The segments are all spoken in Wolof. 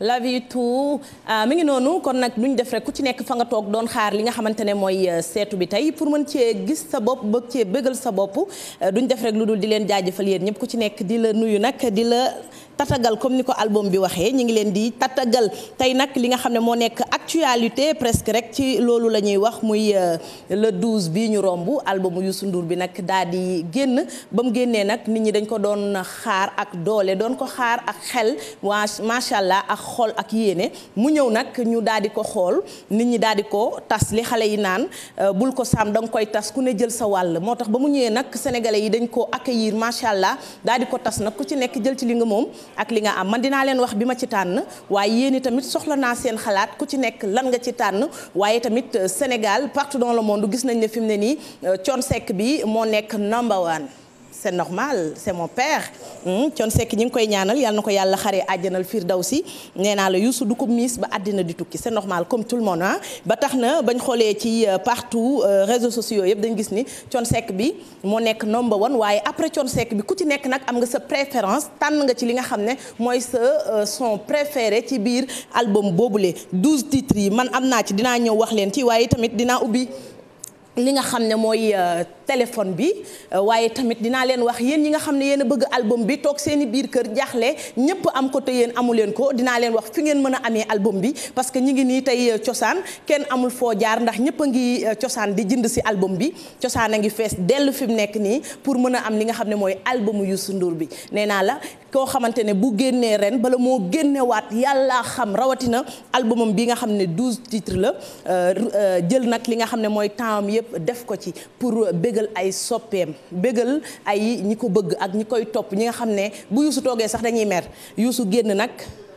la vie tout euh, mi ngi noonu kon nag ñu def rek ku ci nekk fa nga toog doon xaar li nga xamante ne mooy euh, seetu bi tey pour mën cee gis sa bopp bëgg cee bëggal sa bopp euh, duñ def rek lu dul di leen jaajëfal yéen ñëpp ku ci nekk di la nuyu nag di la. tatagal comme ni ko album bi waxee ñu ngi leen di tatagal tey nag li nga xam ne moo nekk actualité presque rek ci loolu la ñuy wax muy euh, le 12 bii ñu romb albumu Youssou Ndour bi nag daal di génn ba mu génnee nag nit ñi dañ ko doon xaar ak doole doon ko xaar ak xel waa macha allah ak xol ak yéene mu ñëw nag ñu daal di ko xool nit ñi daal di ko tas li xale yi naan euh, bul ko saam da nga koy tas ku ne jël sa wàll moo tax ba mu ñëwee nag sénégalais yi dañ ko accueillir macha allah daal di ko tas nag ku ci nekk jël ci li nga moom ak li nga am man dinaa leen wax bi ma ci tànn waaye yéen tamit soxla naa seen xalaat ku ci nekk lan nga ci tànn waaye tamit euh, Sénégal partout dans le monde gis nañ ne fi mu ne nii euh, Thione Seck bi moo nekk number one c'est normal c'est mon père hmm, Thione Seck ñi ngi koy ñaanal yàlla na ko yàlla xaree àjjanal firdawsi nee naa la Youssou du ko miis ba àddina di tukki c'est normal comme tout le monde ba tax na bañ xoolee ci euh, partout euh, réseaux sociaux yëpp dañ gis ni Thione Seck bi moo nekk number one waaye après Thione Seck bi ku ci nekk nag am nga sa préférence tànn nga ci li nga xam ne mooy sa euh, son préféré ci biir album boobule 12 titres yi man am naa ci dinaa ñëw wax leen ci waaye tamit dinaa ubbi li nga xam ne mooy euh, téléphone bi euh, waaye tamit dinaa leen wax yéen ñi nga xam ne yéen a bëgg album bi toog seen i biir kër jaaxle ñëpp am ko te yéen amu leen ko dinaa leen wax fi ngeen mën a amee album bi parce que ñi ngi nii tey euh, cosaan kenn amul foo jaar ndax ñëpp a ngi cosaan di jënd si album bi cosaan a ngi fees dellu fi mu nekk nii pour mën a am li nga xam ne mooy albumu Youssou Ndour bi nee naa la koo xamante ne bu génnee ren bala moo génnewaat yàllaa xam rawatina albumam bi nga xam ne douze titre la euh, jël nag li nga xam ne mooy temps yëpp def ko ci pour bégal ay soppeem bégal ay ñi ko bëgg ak ñi koy topp ñi nga xam ne bu yuusu toogee sax dañuy mer yuusu génn nag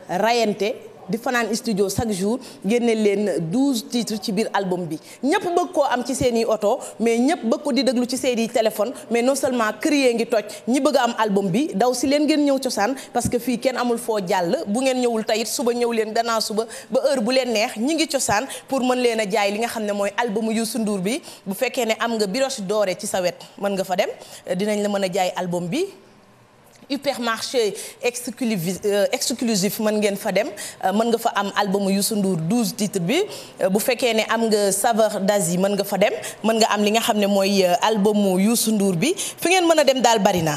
rayante di fanaan studio chaque jour génne leen douze titres ci biir album bi ñëpp bëgg koo am ci seen i oto mais ñëpp bëgg ko di déglu ci seen i téléphone mais non seulement créer ngi toj ñi bëgg am album bi daw si leen ngeen ñëw cosaan parce que fii kenn amul foo jàll bu ngeen ñëwul tayit suba ñëw leen danaa suba ba heure bu leen neex ñi ngi cosaan pour mën leen a jaay li nga xam ne mooy albumu Youssou Ndour bi bu fekkee ne am nga biroche doore ci sa wet mën nga fa dem dinañ la mën a jaay album bi hypermarché exclusif euh, exclusif mën ngeen fa dem euh, mën nga fa am album Youssou nduur 12 titres bi euh, bu fekkee ne am nga saveur d'Asie mën nga fa dem mën nga am li nga xam ne mooy albumu Youssou Ndour bi fi ngeen mën a dem daal bari na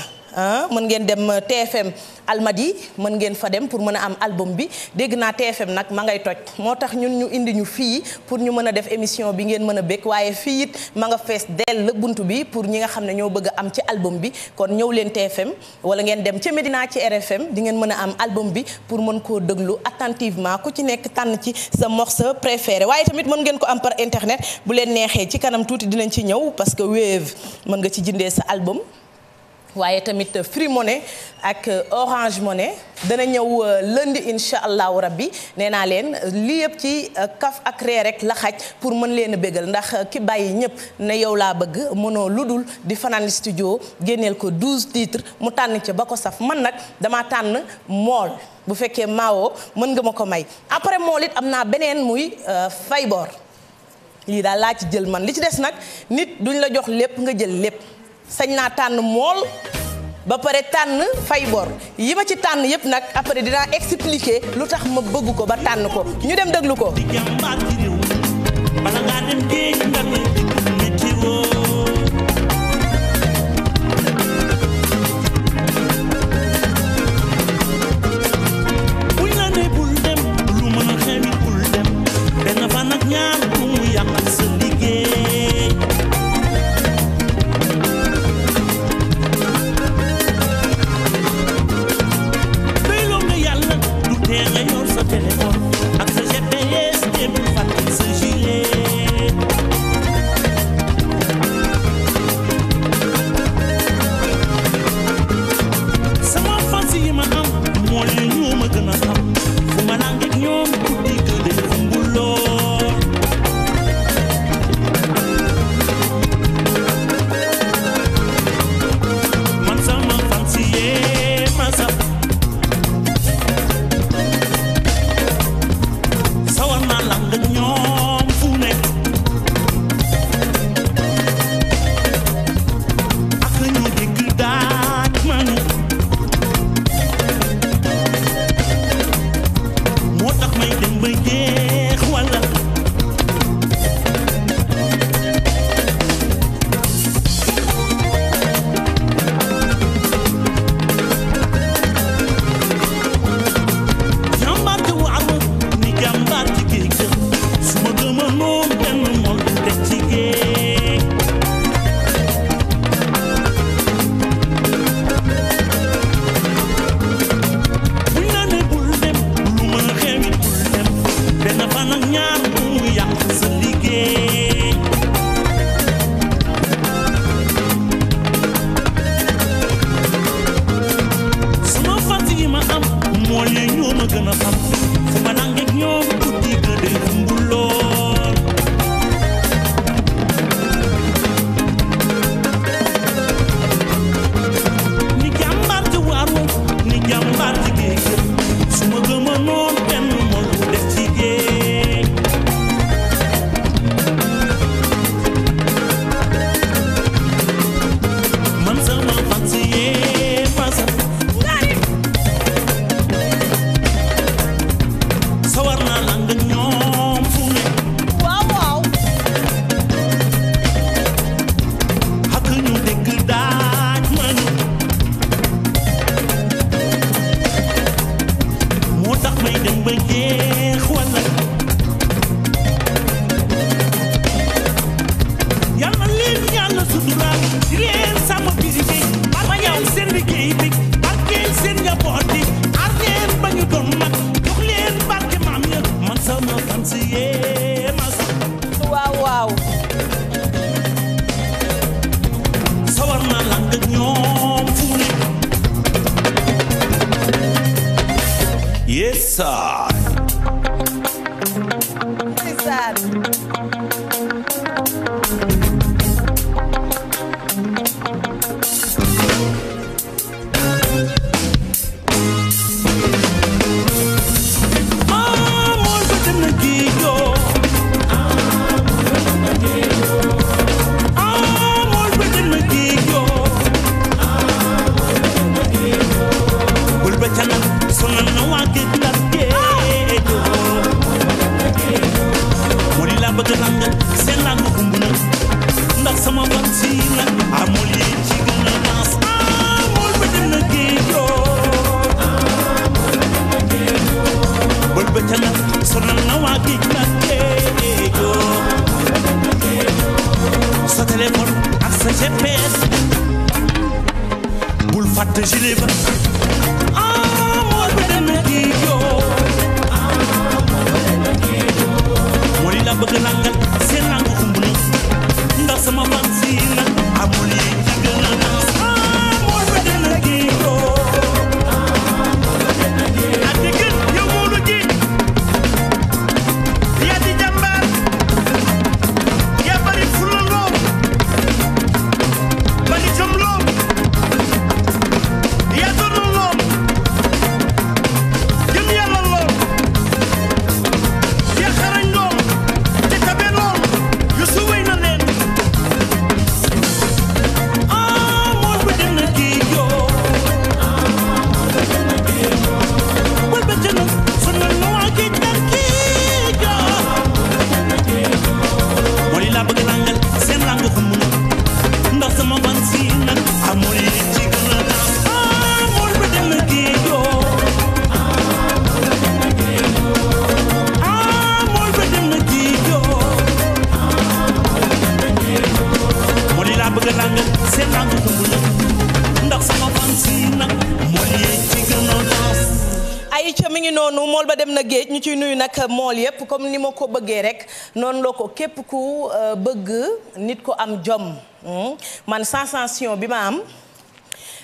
mën ngeen dem euh, TFM Almadi mën ngeen fa dem pour mën a am album bi dégg naa TFM nag ma ngay toj moo tax ñun ñu indi ñu fii pour ñu mën a def émission bi ngeen mën a békk waaye fii it ma nga fees dell buntu bi pour ñi nga xam ne ñoo bëgg a am ci album bi kon ñëw leen TFM wala ngeen dem ca Medina ci RFM di ngeen mën a am album bi pour mën koo déglu attentivement ku ci nekk tànn ci sa morceau préféré waaye tamit mën ngeen ko am par internet bu leen neexee ci kanam tuuti dinañ ci ñëw parce que Wave mën nga ci jëndee sa album waaye tamit Free Money ak Orange Money dana ñëw euh, lënd incha allahu rabbi nee naa leen lii yëpp ci euh, kaf ak ree rek la xaj pour mën leen a bégal ndax euh, ki bàyyi ñëpp ne yow laa bëgg mënoo lu dul di fanaan studio génneel ko 12 titres mu tànn ca ba ko saf man nag dama tànn mool bu fekkee maawoo mën nga ma ko may après mool it am naa beneen muy fayboor lii daal laa ci jël man li ci des nag nit duñ la jox lépp nga jël lépp. sañ naa tànn mool ba pare tànn fay bor yi ma ci tànn yëpp nag après dinaa expliquer lu tax ma bëgg ko ba tànn ko ñu dem déglu ko. ñaar noonu mool ba dem na géej ñu ciy nuyu nag mool yëpp comme ni ma ko bëggee rek noonu la ko képp ku euh, bëgg nit ko am jom hmm? man sensation bi ma am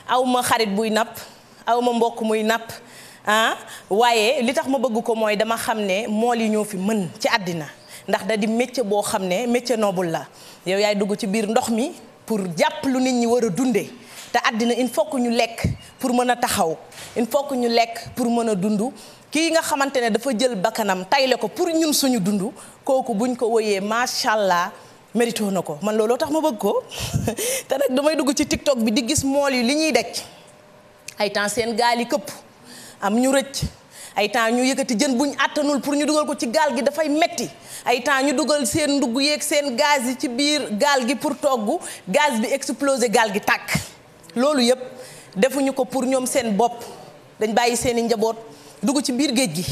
aw ma xarit buy napp aw ma mbokk muy napp ah waaye li tax ma bëgg ko mooy dama xam ne mool yi ñoo fi mën ci àddina ndax da di métier boo xam ne métier noble la yow yaay dugg ci biir ndox mi pour jàpp lu nit ñi war a dundee te àddina il faut que ñu lekk pour mën a taxaw il faut que ñu lekk pour mën a dund kii nga xamante ne dafa jël bakkanam tayle ko pour ñun suñu dund kooku bu ñu ko woyee macha allah mérito na ko man looloo tax ma bëgg ko te nag damay dugg ci tiktok bi di gis mool yi li ñuy decc ay temps seen gaal yi këpp am ñu rëcc ay temps ñu yëkkati jën bu ñu àttanul pour ñu dugal ko ci gaal gi dafay metti ay temps ñu dugal seen ndugg yeeg seen gaz yi ci biir gaal gi pour togg gaz bi explosé gaal gi tàkk loolu yëpp defuñu ko pour ñoom seen bopp dañ bàyyi seen i njaboot dugg ci biir géej gi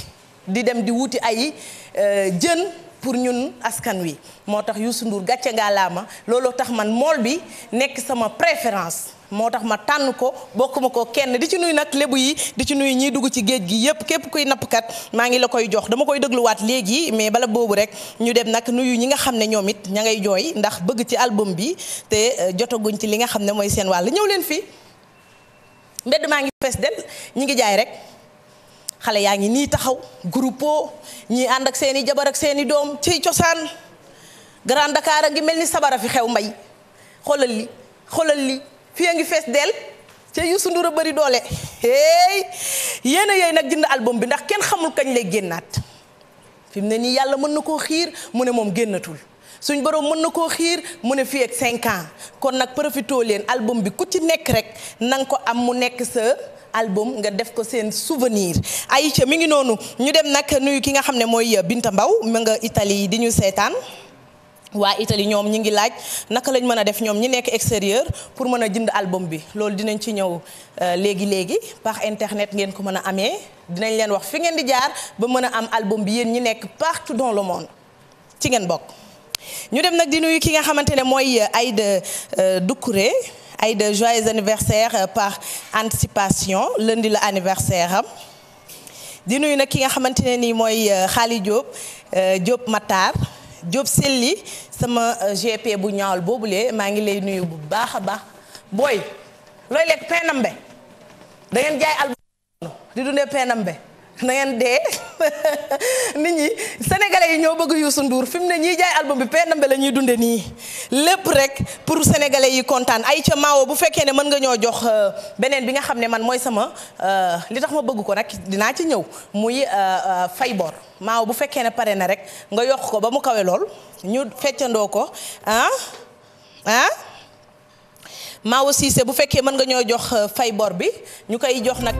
di dem di wuti ay euh, jën pour ñun askan wi moo tax Youssou Ndour gàcce ma looloo tax man mool bi nekk sama préférence moo tax ma tànn ko bokk ma ko kenn di ci nuyu nag lébu yi di ci nuyu ñiy dugg ci géej gi yépp képp kuy nappkat maa ngi la koy jox dama koy dégluwaat léegi mais bala boobu rek ñu dem nag nuyu ñi nga xam ne ñoom it ña ngay jooy ndax bëgg ci album bi te euh, jotaguñ ci li nga xam ne mooy seen wàll ñëw leen fii mbedd maa ngi fees del ñi ngi jaay rek xale yaa ngi nii taxaw groupe ñii ànd ak seeni jabar ak seeni doom ciy cosaan Grand Dakar a ngi mel ni sabara fi xew mbay xoolal li xoolal li fii a ngi fees del ca Youssou Ndour a bëri doole hey yéen a yooyu nag jënd album bi ndax kenn xamul kañ lay génnaat fi mu ne nii yàlla mën na koo xiir mu ne moom génnatul suñ borom mën na koo xiir mu ne fii ak 5 ans kon nag profitoo leen album bi ku ci nekk rek na ko am mu nekk sa. album nga def ko seen souvenir Aïcha mi ngi noonu ñu dem nag nuyu ki nga xam ne mooy euh, Binta Mbaw mu nga Italie di ñu seetaan waa Italie ñoom ñi ngi laaj naka lañ mën a def ñoom ñi nekk extérieur pour mën a jënd album bi loolu dinañ ci ñëw euh, léegi léegi par internet ngeen ko mën a amee dinañ leen wax fi ngeen di jaar ba mën a am album bi yéen ñi nekk par partout dans le monde ci ngeen bokk. ñu dem nag di nuyu ki nga xamante ne mooy ay euh, Aïda Doucouré. ay de joyeux anniversaire euh, par anticipation lundi la anniversaire am di nuyu nag ki nga xamante ne nii mooy Xaali euh, Diop euh, Diop Matar Diop Selli sama GP bu ñaawal boobule maa ngi lay nuyu bu baax a baax booy looy lekk penambe da ngeen jaay album di dundee penambe na ngeen dee nit ñi senegale yi ñoo bëgg Youssou nduur fi mu ne ñiy jaay album bi pendambe la ñuy dunde nii lépp rek pour sénégalais yi kontaan ay ca maawo bu fekkee ne mën nga ñoo jox euh, beneen bi nga xam ne man mooy sama euh, li tax ma bëgg ko nag dinaa ci ñëw muy euh, fay bor maawo bu fekkee ne pare na rek nga yokk ko ba mu kawee lool ñu feccandoo ko ah ah maawo Cissé bu fekkee mën nga ñoo jox fay bor bi ñu koy jox nag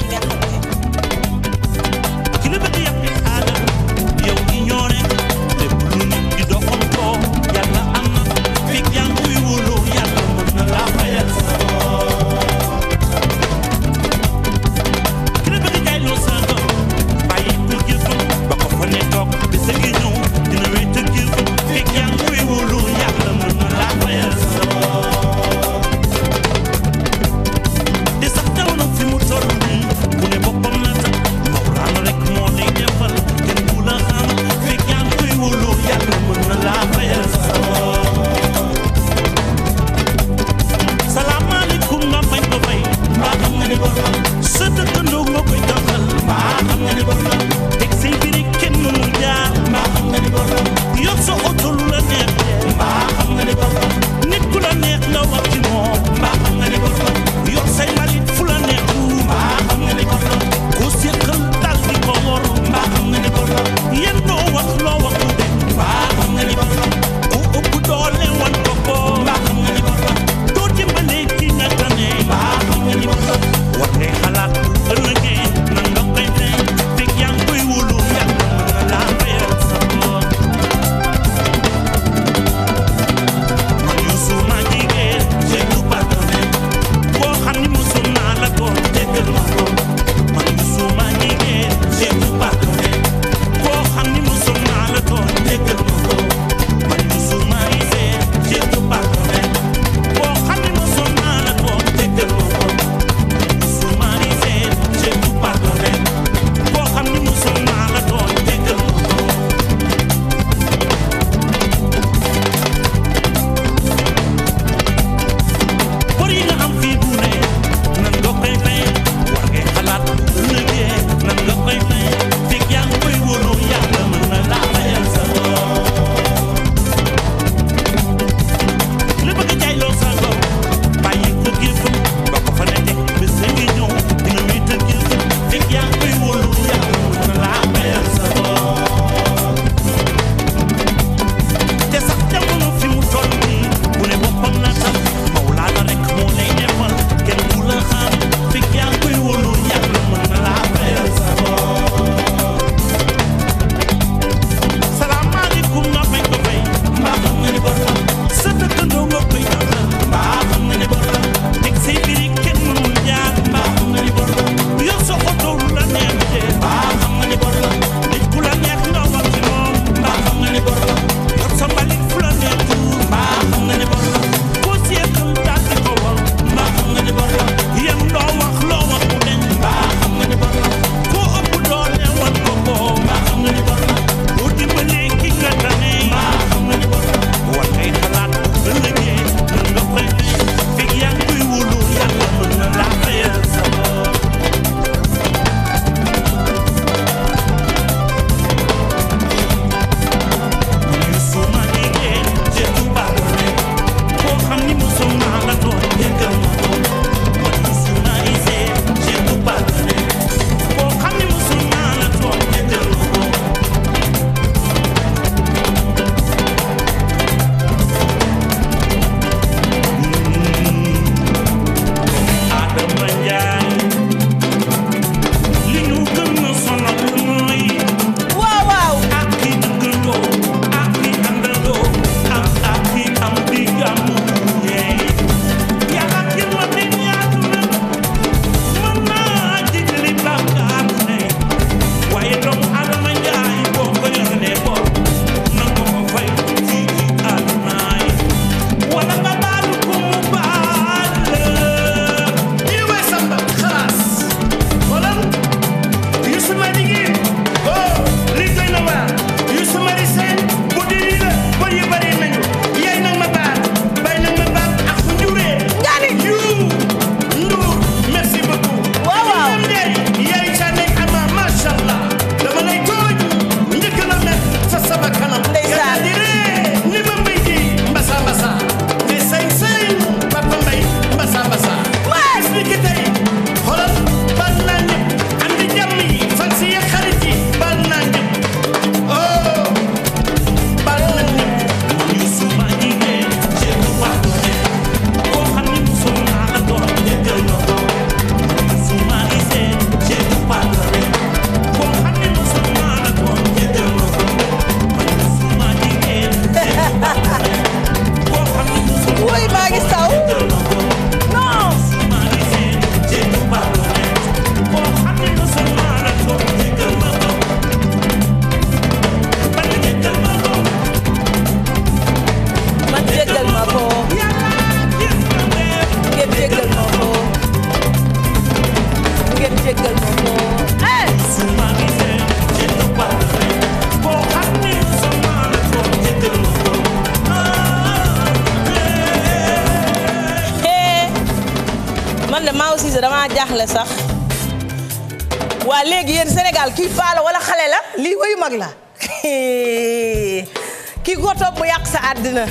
kii ko toog yàq sa àddina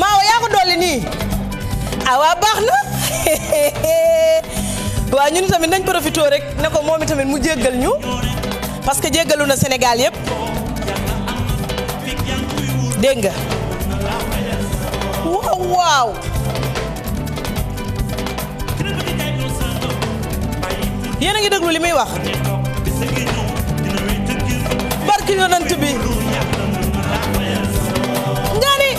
maaw yaa ko dolli nii awaa baax na waaw ñun tamit nañ profité rek ne ko moom tamit mu jéggal ñu parce que jéggalu na Sénégal yëpp dégg nga waaw waaw yéen a ngi déglu li muy wax ci yonent bi njani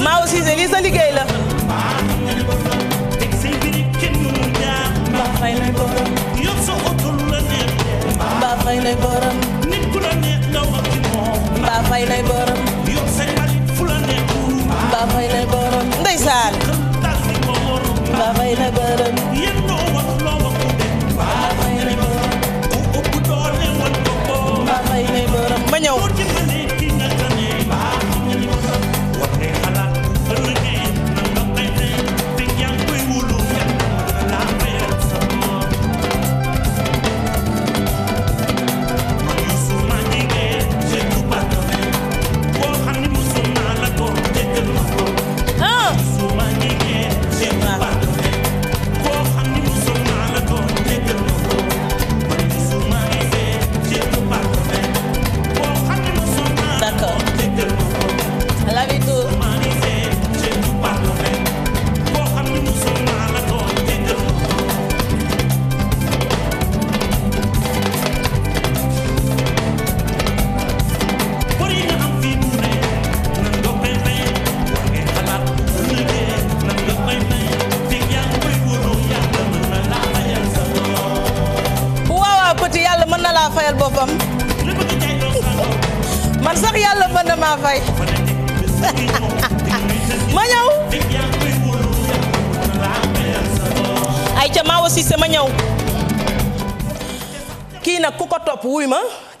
maa aussi lii sa liggéey la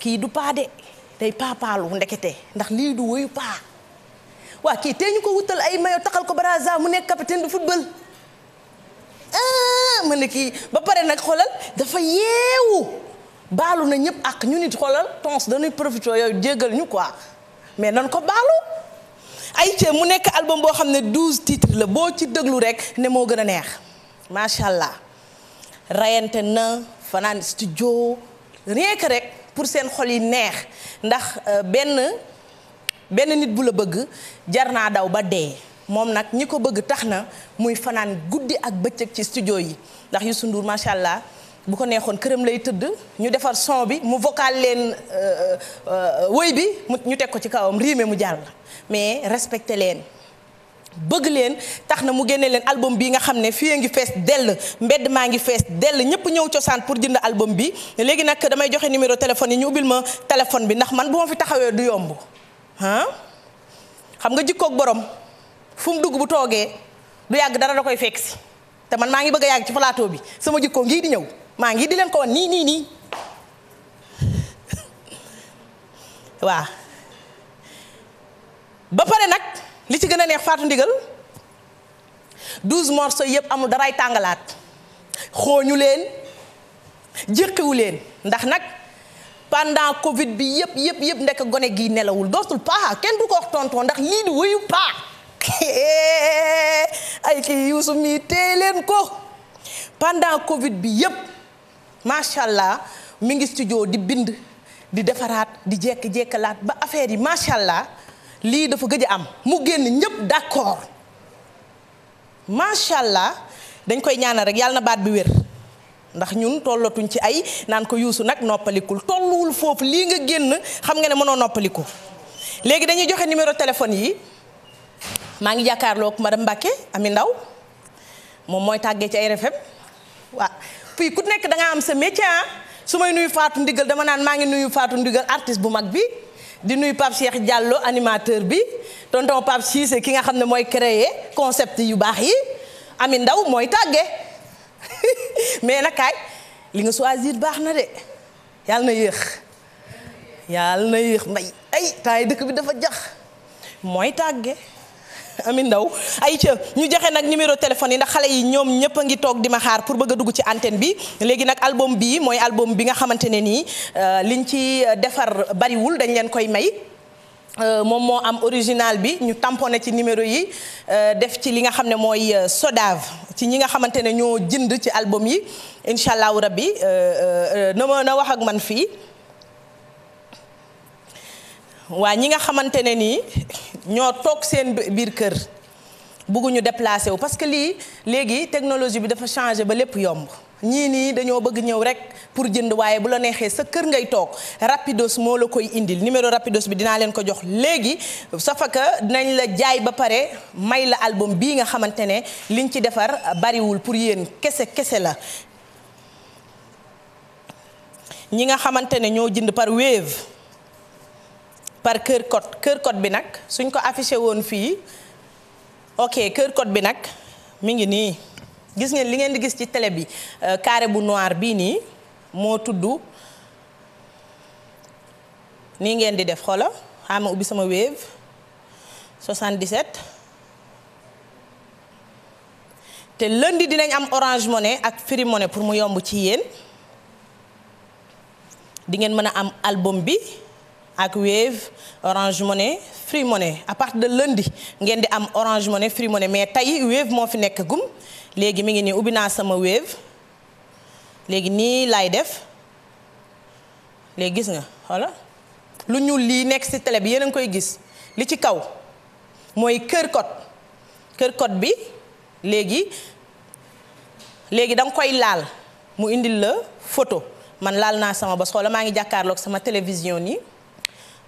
kii du paa de day paapaalu ndekete ndax lii du woyu paa waa kii tey ñu ko wutal ay mayo taxal ko Baraza mu nekk capitaine de football ah ma ne kii ba pare nag xoolal dafa yeewu baalu na ñëpp ak ñu nit xolal tons dañuy profité yooyu jéggal ñu quoi mais nan ko baalu ay ci mu nekk album boo xam ne douze la boo ci déglu rek ne moo gën a neex macha allah rayante na fanaan studio rien que rek pour seen xol yi neex ndax euh, benn benn nit bu la bëgg jar naa daw ba dee moom nag ñi ko bëgg tax na muy fanaan guddi ak bëccëg ci studio yi ndax Youssou Ndour macha allah bu ko neexoon këram lay tëdd ñu defar son bi mu vocal leen euh, euh, woy bi mu ñu teg ko ci kawam riime mu jàll mais respecté leen. bëgg leen tax na mu génne leen album bi nga xam ne fii ngi fees dell mbedd maa ngi fees dell ñëpp ñëw cosaan pour jënd album bi léegi nag damay joxe numéro téléphone yi ñu ubbil ma téléphone bi ndax man bu ma fi taxawee du yomb xam nga jikkook borom fu dugg bu toogee du yàgg dara da koy fekk si te man maa ngi bëgg a yàgg ci plateau bi sama jikkoo ngi di ñëw maa ngi di leen ko wan nii nii nii waa ba pare nag. li ci gën a neex faatu ndigal douze morceaux yëpp amul daray tàngalaat xooñu leen jëqiwu leen ndax nag pendant covid bi yëpp yëpp yëpp ndekk gone gi nelawul dootul paa kenn du ko wax tonton ndax lii di wëyu paa ay kii yuusu mii téye leen ko pendant covid bi yëpp macha allah mi ngi studio di bind di defaraat di jekk jekkalaat ba affaire yi macha allah lii dafa gëj am mu génn ñëpp d'accord macha allah dañ koy ñaanal rek yàlla na baat bi wér ndax ñun tollatuñ ci ay naan ko yuusu nag noppalikul tolluwul foofu lii nga génn xam nga ne mënoo noppaliku. léegi dañuy joxe numéro téléphone yi maa ngi ma madame Mbacke Ami Ndaw moom mooy tàggee ci ay RFM waa puis ku nekk da am sa métier ah. su may nuyu Fatou Ndigal dama naan maa ngi nuyu Fatou Ndigal artiste bu mag bi. di nuyu Pape Cheikh Diallo animateur bi tonton Pape Cissé ki nga xam ne mooy créer concept yu baax yi Ami Ndaw mooy tàgge mais nag kaay li nga choisir baax na de yàlla na yéex yàlla na yéex mbay ay temps dëkk bi dafa jax mooy tàgge amin ndaw ay ñu joxe nag numéro téléphone yi ndax xale yi ñoom ñëpp a ngi toog di ma xaar pour bëgg a dugg ci antenne bi léegi nag album bii mooy album bi nga xamante ne nii euh, liñ ci defar bariwul dañ leen koy may euh, moom moo am original bi ñu tamponné ci numéro yi euh, def ci li nga xam ne mooy Sodav ci ñi nga xamante ne ñoo jënd ci album yi incha allahu rabbi na ma na wax ak man fii waa ñi nga xamante ne nii ñoo toog seen biir kër bugguñu déplacé wu parce que lii léegi technologie bi dafa changé ba lépp yomb ñii nii dañoo bëgg ñëw rek pour jënd waaye bu la neexee sa kër ngay toog rapidos moo la koy indil numéro rapidos bi dinaa leen ko jox léegi safaka dinañ la jaay ba pare may la album bii nga xamante ne liñ ci defar bariwul pour yéen kese kese la ñi nga xamante ne ñoo jënd par Wave par kër code kër code bi nag suñ ko affiché woon fii ok kër code bi nag mu ngi nii gis ngeen li ngeen di gis ci télé bi euh, carré bu noir bii nii moo tudd nii ngeen di def xoola xaama ubbi sama wave 77 te lundi dinañ am orange money ak free money pour mu yomb ci yéen di ngeen mën a am album bi ak Wave Orange Money Free Money à partir de lundi ngeen di am Orange Money Free Money mais tey Wave moo fi nekk gum léegi mi ngi nii ubbi naa sama Wave léegi nii laay def léegi gis nga xoola lu ñuul lii nekk ci télé bi yéen a ngi koy gis li ci kaw mooy kër code kër code bi léegi léegi da koy laal mu indi la photo man laal naa sama bos xoola maa ngi jàkkaarloog sama télévision nii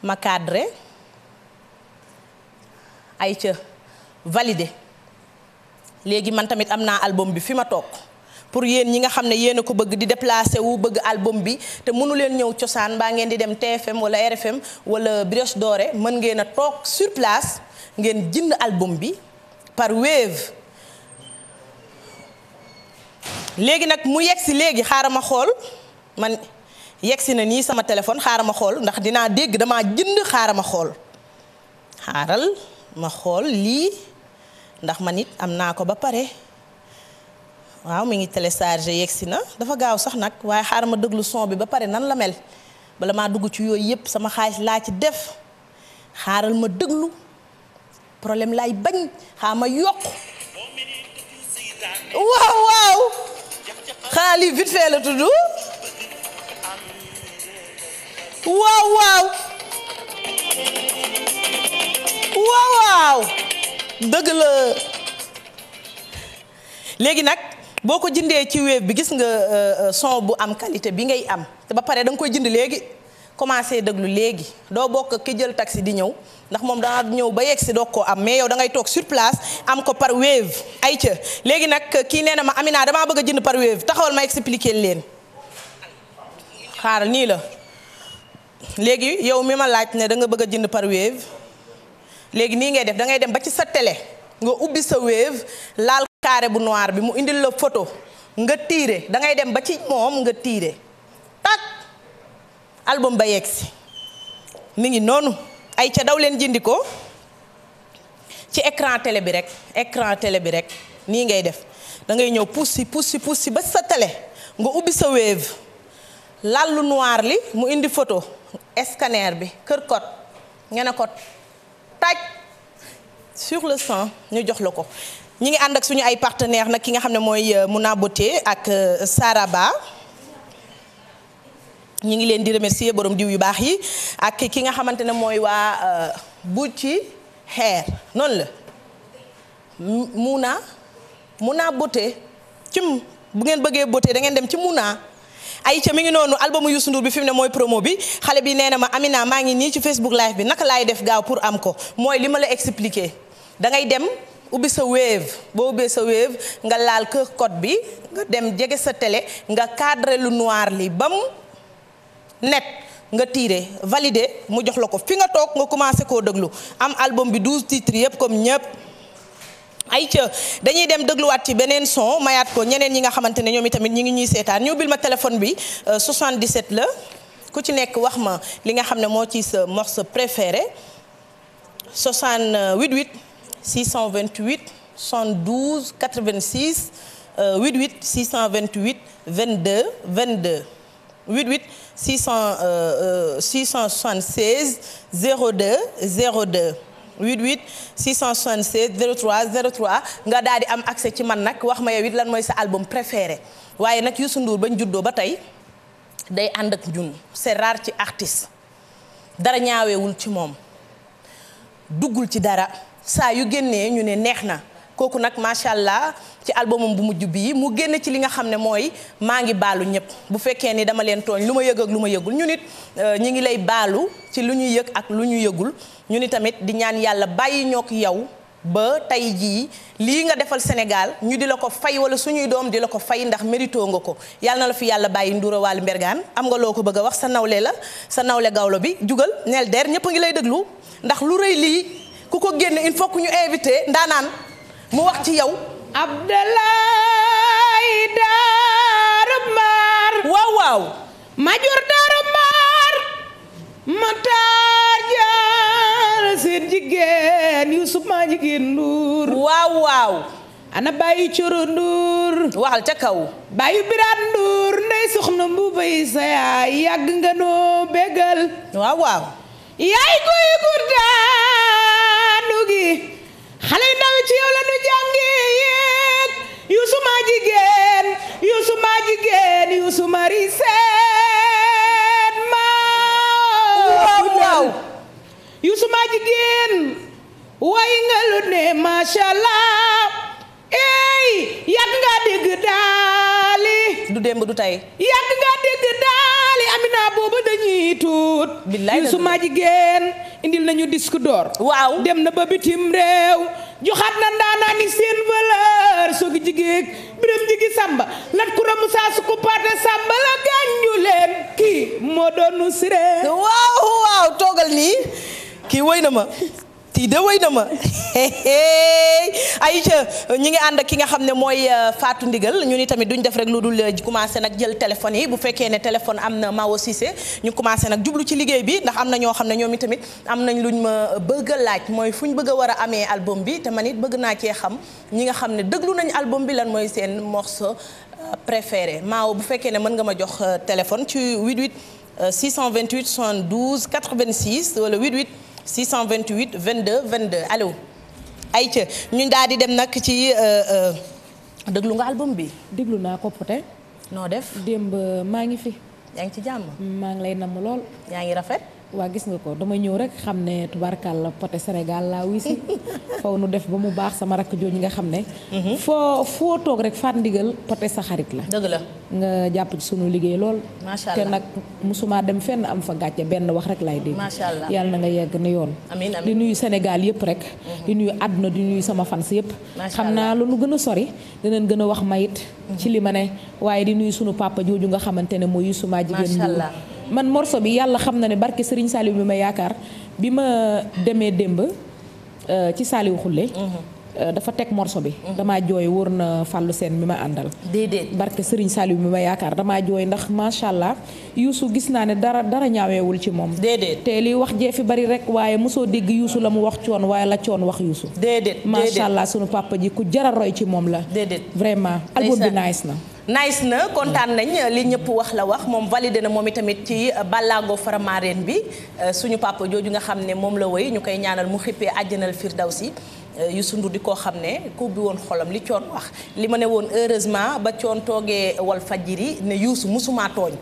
ma cadré ay ca validé léegi man tamit am naa album bi fi ma toog pour yéen ñi nga xam ne yéen a ko bëgg di déplacé wu bëgg album bi te mënu leen ñëw cosaan baa ngeen di dem TFM wala RFM wala Brioche doore mën ngeen a toog sur place ngeen jënd album bi par Wave léegi nag mu yegg si léegi xaaral ma xool man. yegsi na nii sama téléphone xaaral ma xool ndax dinaa dégg damaa jënd xaaral ma xool xaaral ma xool lii ndax ma it am naa ko ba pare waaw mu ngi tele téléchargé yegsi na dafa gaaw sax nag waaye xaaral ma déglu son bi ba pare nan la mel bala maa dugg ci yooyu yépp sama xaalis laa ci def xaaral ma dëglu problème laay bañ xaa ma yokk waaw waaw xaalis vite fait la tudd waaw waaw waaw waaw dëgg la léegi nag boo ko jëndee ci web bi gis nga euh, euh, son bu am qualité bi ngay am te ba pare da koy jënd léegi commencé déglu léegi doo bokk ki jël taxi di ñëw ndax moom danga ñëw ba yegg si doog koo am mais yow da ngay toog sur place am ko par wave ay ca léegi nag kii nee na ma Amina damaa bëgg a jënd par wave taxawal ma expliquer leen xaaral nii la léegi yow mi ma laaj ne danga bëgg a jënd par Wave léegi nii ngay def dangay dem ba ci sa télé nga ubbi sa Wave bu noir bi mu indil la photo nga tiire da dem ba ci moom nga tiire tak album ba yegg si mi ngi noonu ay ca daw jëndi ko ci écran bi rek écran bi rek nii ngay def da ngay ñëw poussi poussi poussi ba sa télé nga ubbi sa Wave laal lu noir li mu indi photo scanner bi kër code nga ne ko taaj sur le sang ñu jox la ko ñi ngi ànd ak suñu ay partenaire nag ki nga xam ne mooy euh, Mouna Beauté ak euh, Saraba ñi ngi leen di remercier borom diw yu baax yi ak ki nga xamante ne mooy waa ci euh, Hair noonu la Mouna Mouna Beauté cim bu ngeen bëggee beauté da ngeen dem ci Mouna ay ca mi ngi noonu album Youssou Ndour bi fi mu ne mooy promo bi xale bi neena na ma Amina maa ngi nii ci Facebook live bi naka laay def gaaw pour am ko mooy li ma la expliquer da dem ubbi sa wave boo ubbee sa wave nga laal kër code bi nga dem jege sa télé nga cadré lu noir li ba mu net nga tiire validé mu jox la ko fi nga toog nga commencé koo déglu am album bi douze titres yëpp comme ñëpp. ayca dañuy dem dégluwaat ci beneen son mayaat ko ñeneen ñi nga xamante ne ñoom itamit ñu ngi ñuy seetaan ñu bil ma téléphone bi 77 euh, la ku ci nekk wax ma li nga xam ne moo ci sa morceau préféré 78 628 72 86 88 628 22 22 88 600 676 02 02. 88 676 03 03 nga daal di am accès ci man nag wax ma yow it lan mooy sa album préféré waaye nag Youssou Ndour bañ juddoo ba tey day ànd ak ñun c'est ci artiste dara ñaawewul ci moom duggul ci dara saa yu génnee ñu ne neex na kooku nag macha allah ci albumam bu mujj bii mu génn ci li nga xam ne mooy maa ngi baalu ñëpp bu fekkee ni dama leen tooñ lu ma yëg ak lu ma yëgul ñu nit euh, ñi ngi lay baalu ci lu ñu yëg ak lu ñu yëgul ñu ni tamit di ñaan yàlla bàyyi ñook yow ba tey jii lii nga defal Sénégal ñu di la ko fay wala suñuy doom di la ko fay ndax mérito nga ko yàlla na la fi yàlla bàyyi Ndoura Wally Mbergane am nga loo ko bëgg a wax sa nawle la sa nawle gawlo bi jugal neel der ñëpp ngi lay déglu ndax lu rëy lii ku ko génn il faut ñu invité ndaanaan mu wax ci yow. Abdoulaye Darou Mar. waaw waaw. Major Darou Mar. Matar Dia. seen jigéen Youssouf maa jigéen Ndour. waaw waaw. ana bàyyi coro Ndour. waxal ca kaw. bàyyi biraat Ndour ndey soxna Mbuuba yi sa yaay yàgg nga noo bégal. waaw waaw. gi xale ndaw ci yow la nu jàngi yéeg Youssouf jigéen Youssouf maa jigéen Youssouf mari seen maa. Yusuma jigéen way nga lu ne macha allah ey yàgg nga dégg daali du démb du tey yàgg nga dégg daali Amina boobu dañuy tuut billaay Yusuma jigéen indil nañu disk d'or waaw dem na ba bitim réew joxaat na ndaanaa ni seen valeur biram jigi sàmba lat kura musaa su ko paate sàmba la gàññu leen kii moo doonu siree waaw waaw toogal nii kii woy na ma tii de wéy na ma Aïcha ñu ngi ànd ki nga xam ne mooy euh, Fatou Ndigal ñu ni tamit duñ def rek lu dul euh, commencé nag jël téléphone yi bu fekkee ne téléphone am na Mao Cissé ñu commencé nag jublu ci liggéey bi ndax am na ñoo xam ne ñoom tamit am nañ lu ñu ma bëgg laaj mooy fu ñu bëgg a war a amee album bi te ma it bëgg naa cee xam ñi nga xam ne déglu nañ album bi lan mooy seen morceau euh, préféré Mao bu fekkee ne mën nga ma jox téléphone ci 88 628 72 86 wala 88. 628 22 22 allo. ayca ñu daal di dem nag ci euh, euh, déglu nga album bi. déglu naa ko Poté. noo def démb euh, maa ngi fi. yaa ngi ci jàmm. maa ngi lay namm lool. yaa ngi rafet. waa gis nga ko dama ñëw rek xam ne tubarkal la poté Sénégal laa wii si faw nu def ba mu baax sama rakk jooju nga xam ne mhm. foo foo toog rek faat ndigal poté sa xarit la dëgg la nga jàpp ci sunu liggéey lool macha allah te nag musuma dem fenn am fa gàcce benn wax rek laay dégg allah yàlla na nga yegg ni yoon amiin amiin di nuyu Sénégal yëpp rek mhm. di nuyu àdduna di nuyu sama fans yëpp xam naa lu gën a sori dinañ gën a wax mayit mhm. ci li ma ne waaye di nuyu sunu papa jooju nga xamante ne mooy Youssou maa jigéen man morso bi yàlla xam na ne barke Serigne Saliou bi ma yaakaar bi ma demee démb euh, ci Saliou Khoule. Mhm. Euh, dafa teg morceau bi. Mhm. damaa jooy wóor na fàllu seen mi ma àndal. déedéet barke Serigne Saliou bi ma yaakaar damaa jooy ndax macha allah Youssou gis naa ne dara dara ñaaweewul ci moom. déedéet te li wax jee fi bari rek waaye mosoo dégg Youssou la mu wax coon waaye la coon wax Youssou. déedéet déedéet allah sunu papa ji ku jar roy ci moom la. déedéet vraiment album bi nice na. nice na kontaan nañ euh, li ñëpp wax la wax moom validé na moom itamit ci euh, bàllaago faramareen bi euh, suñu papa jooju nga xam ne moom la woy ñu koy ñaanal mu xippee àjjanal firdawsi Youssou Ndour di koo xam ne ku bi woon xolam li coon wax li ma ne woon heureusement ba coon toogee Walfadjri ne yuusu musuma tooñ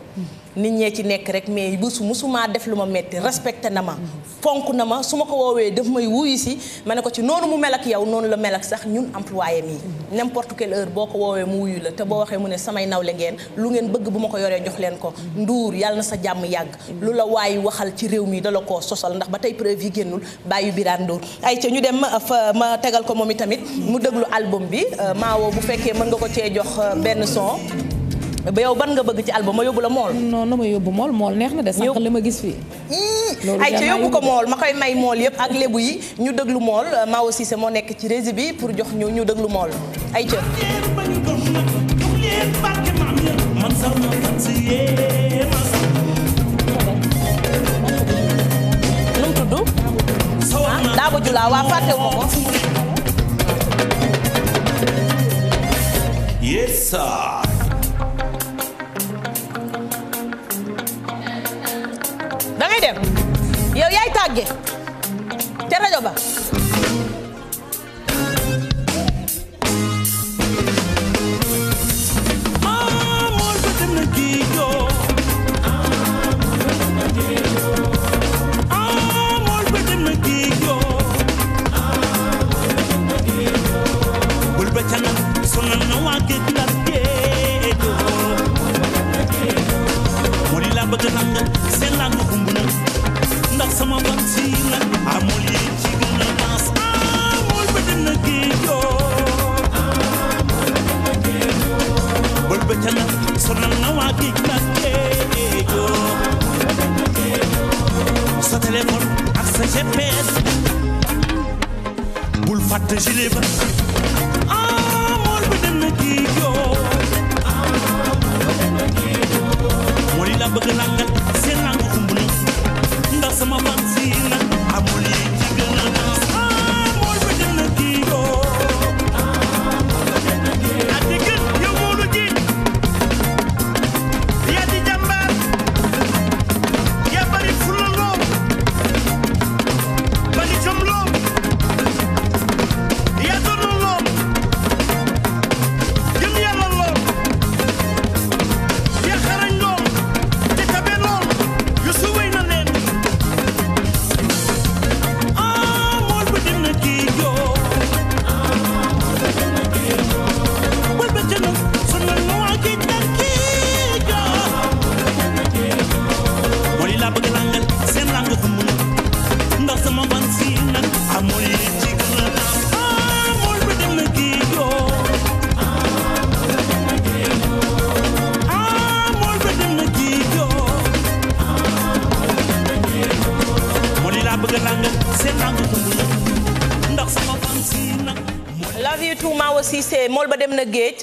nit ñee ci nekk rek mais bésu musuma def lu ma metti respecté na ma fonk na ma su ma ko woowee daf may wuyu si ma ne ko ci noonu mu mel yow noonu la mel sax ñun employé mi n'importe quelle boo ko woowee mu wuyu la te boo waxee mu ne samay nawle ngeen lu ngeen bëgg bu ma ko yoree jox leen ko nduur yàlla na sa jàmm yàgg lu la waay waxal ci réew mi dala ko sosal ndax ba tey preuve yi génnul bàyyi biraan nduur ay ca ñu dem euh, fa ma tegal ko moom itamit mu déglu album bi euh, maawoo bu fekkee mën nga ko cee jox euh, benn son ba yow ban nga bëgg ci album ma yóbbu la mool. non na ma yóbbu mool mool neex na de sànq li ma gis fii. ay ca mool ma koy may mool yëpp ak lébu yi ñu déglu mool Maodo Cissé moo nekk ci régie bi pour jox ñu ñu déglu mool ay ca. nu tudd. daa julaa waa fàtte woo ko. ngay dem yow yaay tàgge ca rajo ba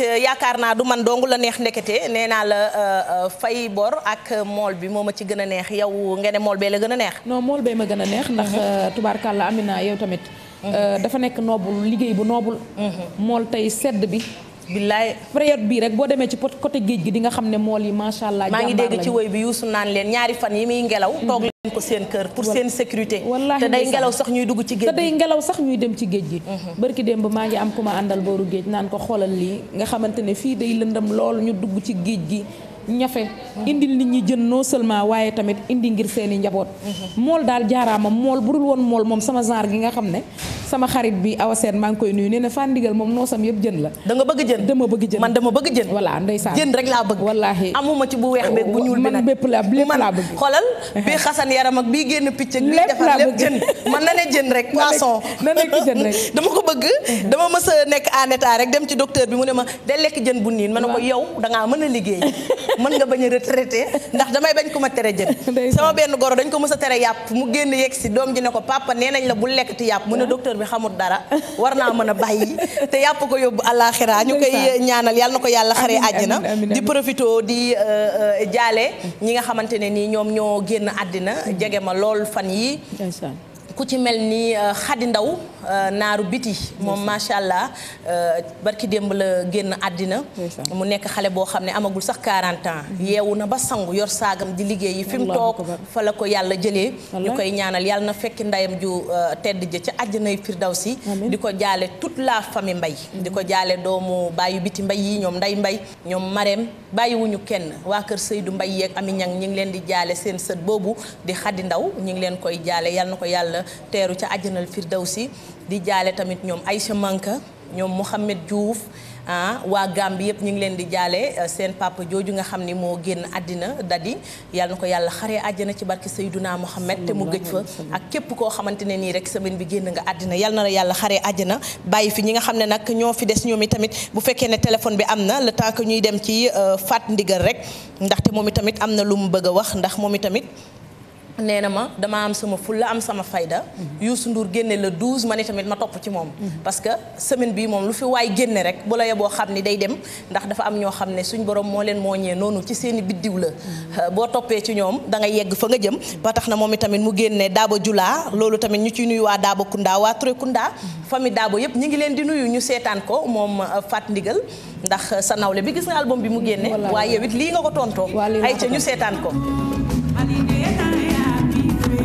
yaakaar naa du man dong la neex ndekete nee naa la euh, euh, fay bor ak mool bi moom a ci gën a neex yow nga ne mool bee la gën a neex. non mool bee ma gën a neex. ndax mhm. euh, tubaarkàlla Amina yow tamit. Mhm. dafa nekk noobul liggéey bu noobul. Mhm. mool tey sedd bi. billaay période bii rek boo demee ci côté géej gi di nga xam ne mool yi macha allah. maa ngi dégg ci woy bi yuusu naan leen ñaari fan yi muy ngelaw. toog seen kër pour seen sécurité te day ngelaw sax ñuy dugg ci géej te day ngelaw dem ci gi mhm. barki démb maa ngi am ku ma àndal booru géej naan ko xoolal lii nga xamante ne fii day lëndam lool ñu dugg ci géej gi ñafe mhm. indil nit ñi jën noo seulement waaye tamit indi ngir seeni njaboot mhm. mool daal jaaraama mool bu dul woon mool moom sama genre gi nga xam ne sama xarit bi awa seen maa ngi koy nuyu nee na fan ndigal moom noosam yëpp jën la da nga bëgg jën dama bëgg jën man dama bëgg jën man na ne jën rek poisson na nekk jën dama ko bëgg dama mës a nekk en état rek dem ci docteur bi mu ne ma da lekk jën bu niin ma ne ko yow dangaa mën a liggéey mën nga bañ a retraité ndax damay bañ ko ma tere jën sama benn goro dañ ko mës a tere yàpp mu génn yegg si doom ji ne ko papa nee nañ la bu lekkati yàpp mu ne docteur bi xamul dara war naa mën a bàyyi te yàpp ko yóbbu àllaaxira ñu koy ñaanal yàlla na ko yàlla xaree àjjana di profité di euh, jaale ñi nga xamante ne nii ñoom ñoo génn àddina mm-hmm. jege ma lool fan yi ku ci mel ni euh, Xadi Ndaw Euh, naaru biti moom macha allah euh, barki démb la génn àddina mu nekk xale boo xam ne amagul sax quarante ans mhm. yeewu na ba sangu yor saagam di liggéey yi fi mu toog fa la ko yàlla jëlee ñu ñaanal yàlla na fekki ndeyam ju euh, tedd ja ca àjjanay firdawsi di ko jaale toute la famille mbay mhm. di ko jaale doomu bàyyi biti mbay yi ñoom nday mbay ñoom mareem bàyyiwuñu kenn waa kër Seydou mbay yeeg ami ñang ñu ngi leen di jaale seen sët boobu di xaddi ndaw ñu ngi leen koy jaale yàlla na ko yàlla teeru ca àjjanal si di jaale tamit ñoom Aïcha Manka ñoom Mouhamed Diouf ah waa Gambie yëpp ñu ngi leen di jaale euh, seen papa jooju nga xam ni moo génn àddina dadi yàlla na ko yàlla xaree àjjana ci barke Seydouna Mohamed te mu gëj fa ak képp koo xamante ne nii rek semaine bi génn nga àddina yàlla na yàlla xaree àjjana bàyyi fi ñi nga xam ne nag ñoo fi des ñoom itamit bu fekkee ne téléphone bi am na le temps que ñuy dem ci euh, faat ndigal rek ndaxte moom i tamit am na lu mu bëgg a wax ndax moom itamit nee na ma damaa am sama fulla am sama fayda Youssou Ndour génne la 12 man itamit ma topp ci moom parce que semaine bi moom lu fi waay génne rek bu la yeboo xam ni day dem ndax dafa am ñoo xam ne suñ borom moo leen mooñee noonu ci seeni i biddiw la euh, boo toppee ci ñoom dangay yegg fa nga jëm ba tax na moom itamit mu génne Daaba Jula loolu tamit ñu ciy nuyu waa Daaba Kunda waa Touré Kunda famille Daaba yëpp ñu ngi leen di nuyu ñu seetaan ko moom euh, Fat Ndigal ndax sa nawle bi gis nga album bi mu génne seetaan ko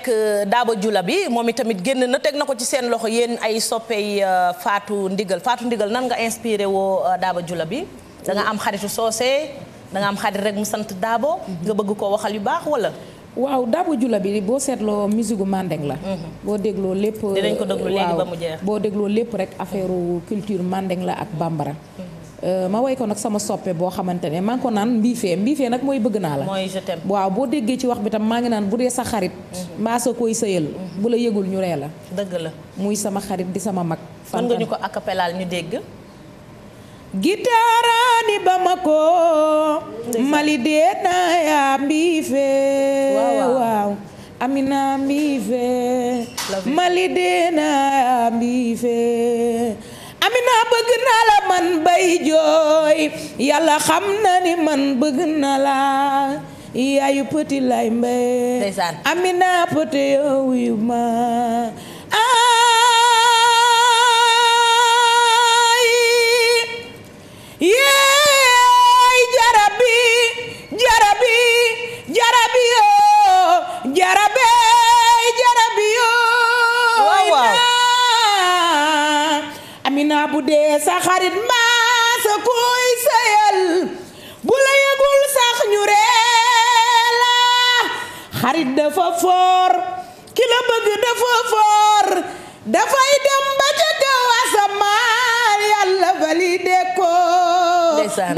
nekk Daaba Jula bi moom itamit génn na teg na ko ci seen loxo yéen ay soppey euh, faatu Ndigal Fatou Ndigal nan nga inspiré woo euh, Daaba Jula bi da nga am xaritu soose da am xarit rek mu sant Daabo nga bëgg koo waxal yu baax wala waaw Daaba Jula bi boo seetloo musique mandeng la mhm. boo dégloo lépp dinañ ko déglu boo dégloo lépp rek affaire culture mandeng la ak bambara mhm. Euh, ma way ko nag sama soppe boo xamante ne maa ngi ko naan mbiifee mbiifee nag mooy bëgg naa la waaw boo déggee ci wax bi tam maa ngi naan bu dee sa xarit mhm. mbaa koy sëyal mhm. bu la yëgul ñu ree la dëgg la muy sama xarit di sama mag fan nga ñu ko acapellal ñu dégg gitaaraani Bamako mali dee naa yaa mbiifee waaw amina mbiifee mali dee naa yaa mbiifee bëgg na la man bay jooy yàlla xam na ni man bëgg na la yaayu petit lay mbay amina petit yow yu ma ay yeey jarabi jarabi jarabi yoo oh, jarabe bu dee sa xarit mbaa sa kuy bu la yëgul sax ñu ree xarit dafa foor ki la bëgg dafa foor dafay dem ba ca kaw asamaan yàlla validé ko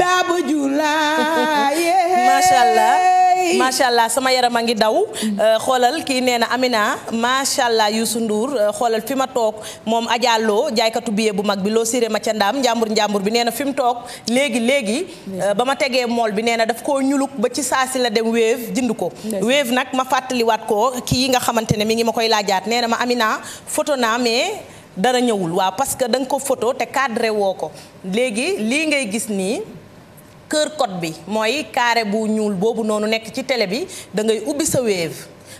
daaba julaayee macha allah macha allah sama yaram a ngi daw. Mm. Euh, xoolal kii nee na Amina macha allah Youssou Ndour euh, xoolal fi ma toog moom Adja Lo jaaykatu billet bu mag bi loo siré ma ca ndaam njàmbur njàmbur bi neena na fi mu toog léegi léegi. Euh, ba ma tegee mool bi nee na daf koo ñuluk ba ci saa si la dem Wave jënd ko. Wave nag ma fàttaliwaat ko kii yi nga xamante ne mi ngi ma koy laajaat nee na ma Amina foto naa mais. dara ñëwul waaw parce que da nga ko foto te cadré ko léegi lii ngay gis kër code bi mooy carré bu ñuul boobu noonu nekk ci télé bi da ngay ubbi sa Wave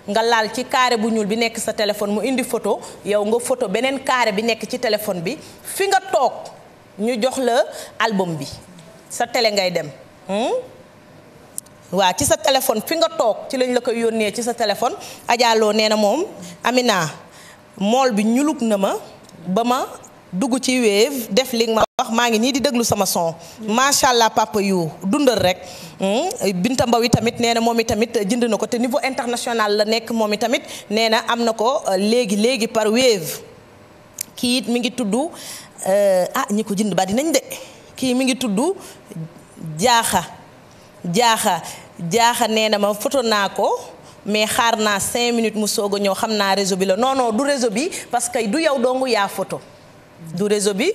nga laal ci carré bu ñuul bi nekk sa téléphone mu indi photo yow nga photo beneen carré bi nekk ci téléphone bi fi nga toog ñu jox la album bi sa télé ngay dem hmm? waaw ci sa téléphone fi nga toog ci lañ la koy yónnee ci sa téléphone ajaaloo nee na moom Amina mool bi ñulug na ma ba ma dugg ci Wave def li ma wax maa ngi nii di déglu sama son macha allah papa yu dundal rek hmm? Binta Mbaw yi tamit nee na moom i tamit jënd na ko te niveau international la nekk moom i tamit nee na am na ko euh, léegi léegi par wave kii it mi ngi tudd euh, ah ñi ko jënd ba dinañ de kii mi ngi tudd jaaxa jaaxa jaaxa nee na ma foto naa ko mais xaar naa cinq minutes mu soog a ñëw xam naa réseau bi la non non du réseau bi parce que du yow dongu yaa foto du réseau bi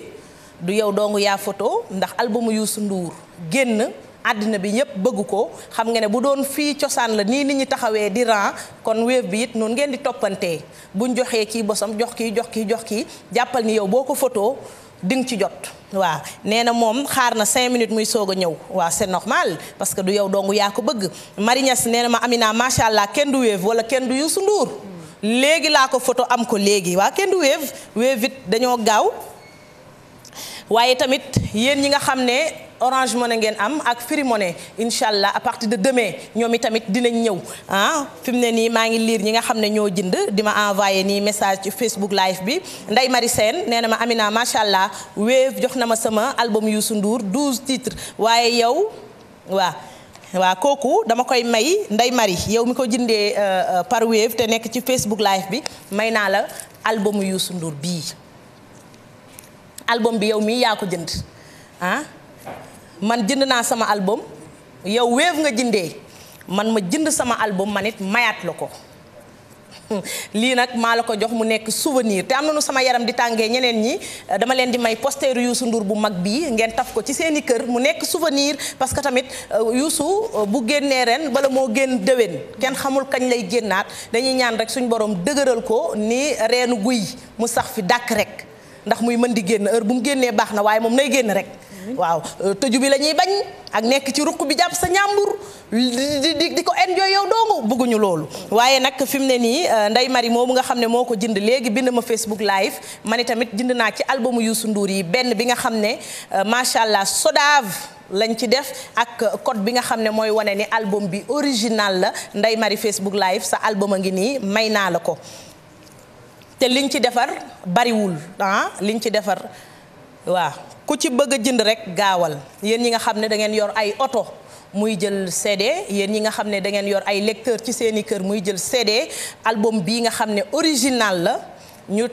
du yow dong yaa photo ndax albumu Youssou nduur génn àddina bi ñëpp bëgg ko xam nga ne bu doon fii cosaan la nii nit ñi taxawee di ran kon wéef bi it noonu ngeen di toppantee buñ joxee kii bosam jox kii jox kii jox ki jàppal ni yow boo ko photo di nga ci jot waaw nee na moom xaar na cinq minutes muy soog a ñëw waaw c'est normal parce que du yow dong yaa ko bëgg mariñas nee na ma Amina macha allah kenn du wéef wala kenn du Youssou Ndour léegi laa ko photo am ko léegi waa kenn du wéef wéef dañoo gaaw waaye tamit yéen ñi nga xam ne Orange Money ngeen am ak Free Money incha allah à partir de demain ñoom itamit dinañ ñëw ah fi mu ne nii maa ngi liir ñi nga xam ne ñoo jënd di ma envoyé nii message ci Facebook live bi Ndeye mari Sène nee na ma Amina macha allah Wave jox na ma sama album Youssou Ndour titre waaye yow waa waaw kooku dama koy may ndey Marie yow mi ko jëndee euh, euh, par Wave te nekk ci Facebook live bi may naa la album Youssou Ndour bii. album bi yow mii yaa ko jënd ah? man jënd naa sama album yow Wave nga jëndee man ma jënd sama album man it mayaat la ko lii nag maa la ko jox mu nekk souvenir te am na nu sama yaram di tàngee ñeneen ñi dama leen di may poster Youssou Ndour bu mag bii ngeen taf ko ci seeni kër mu nekk souvenir parce que tamit euh, Youssou euh, bu génnee ren bala moo génn déwén kenn xamul kañ lay génnaat dañuy ñaan rek suñ boroom dëgëral ko ni reenu guy mu sax fi dàkk rek ndax muy man di génn heure bu mu génnee baax na waaye moom nay génn rek waaw euh, tëju bi la ñuy bañ ak nekk ci ruq bi jàpp sa ñàmbur di di ko enjoy yow doongu bëgguñu loolu waaye nag fi mu ne nii euh, Ndeye Marie moomu nga xam ne moo ko jënd léegi bind ma Facebook live man tamit jënd naa ci albumu Youssou nduur yi benn bi nga xam ne euh, macha allah Sodave lañ ci def ak code bi nga xam ne mooy wane ni album bi original la Ndeye Marie Facebook live sa album a ngi nii may naa la ko te liñ ci defar bariwul ah liñ ci defar waa ku ci bëgg a jënd rek gaawal yéen ñi nga xam ne da ngeen yor ay oto muy jël sede yéen ñi nga xam ne dangeen yor ay lecteur ci seeni kër muy jël sede album bii nga xam ne original la ñu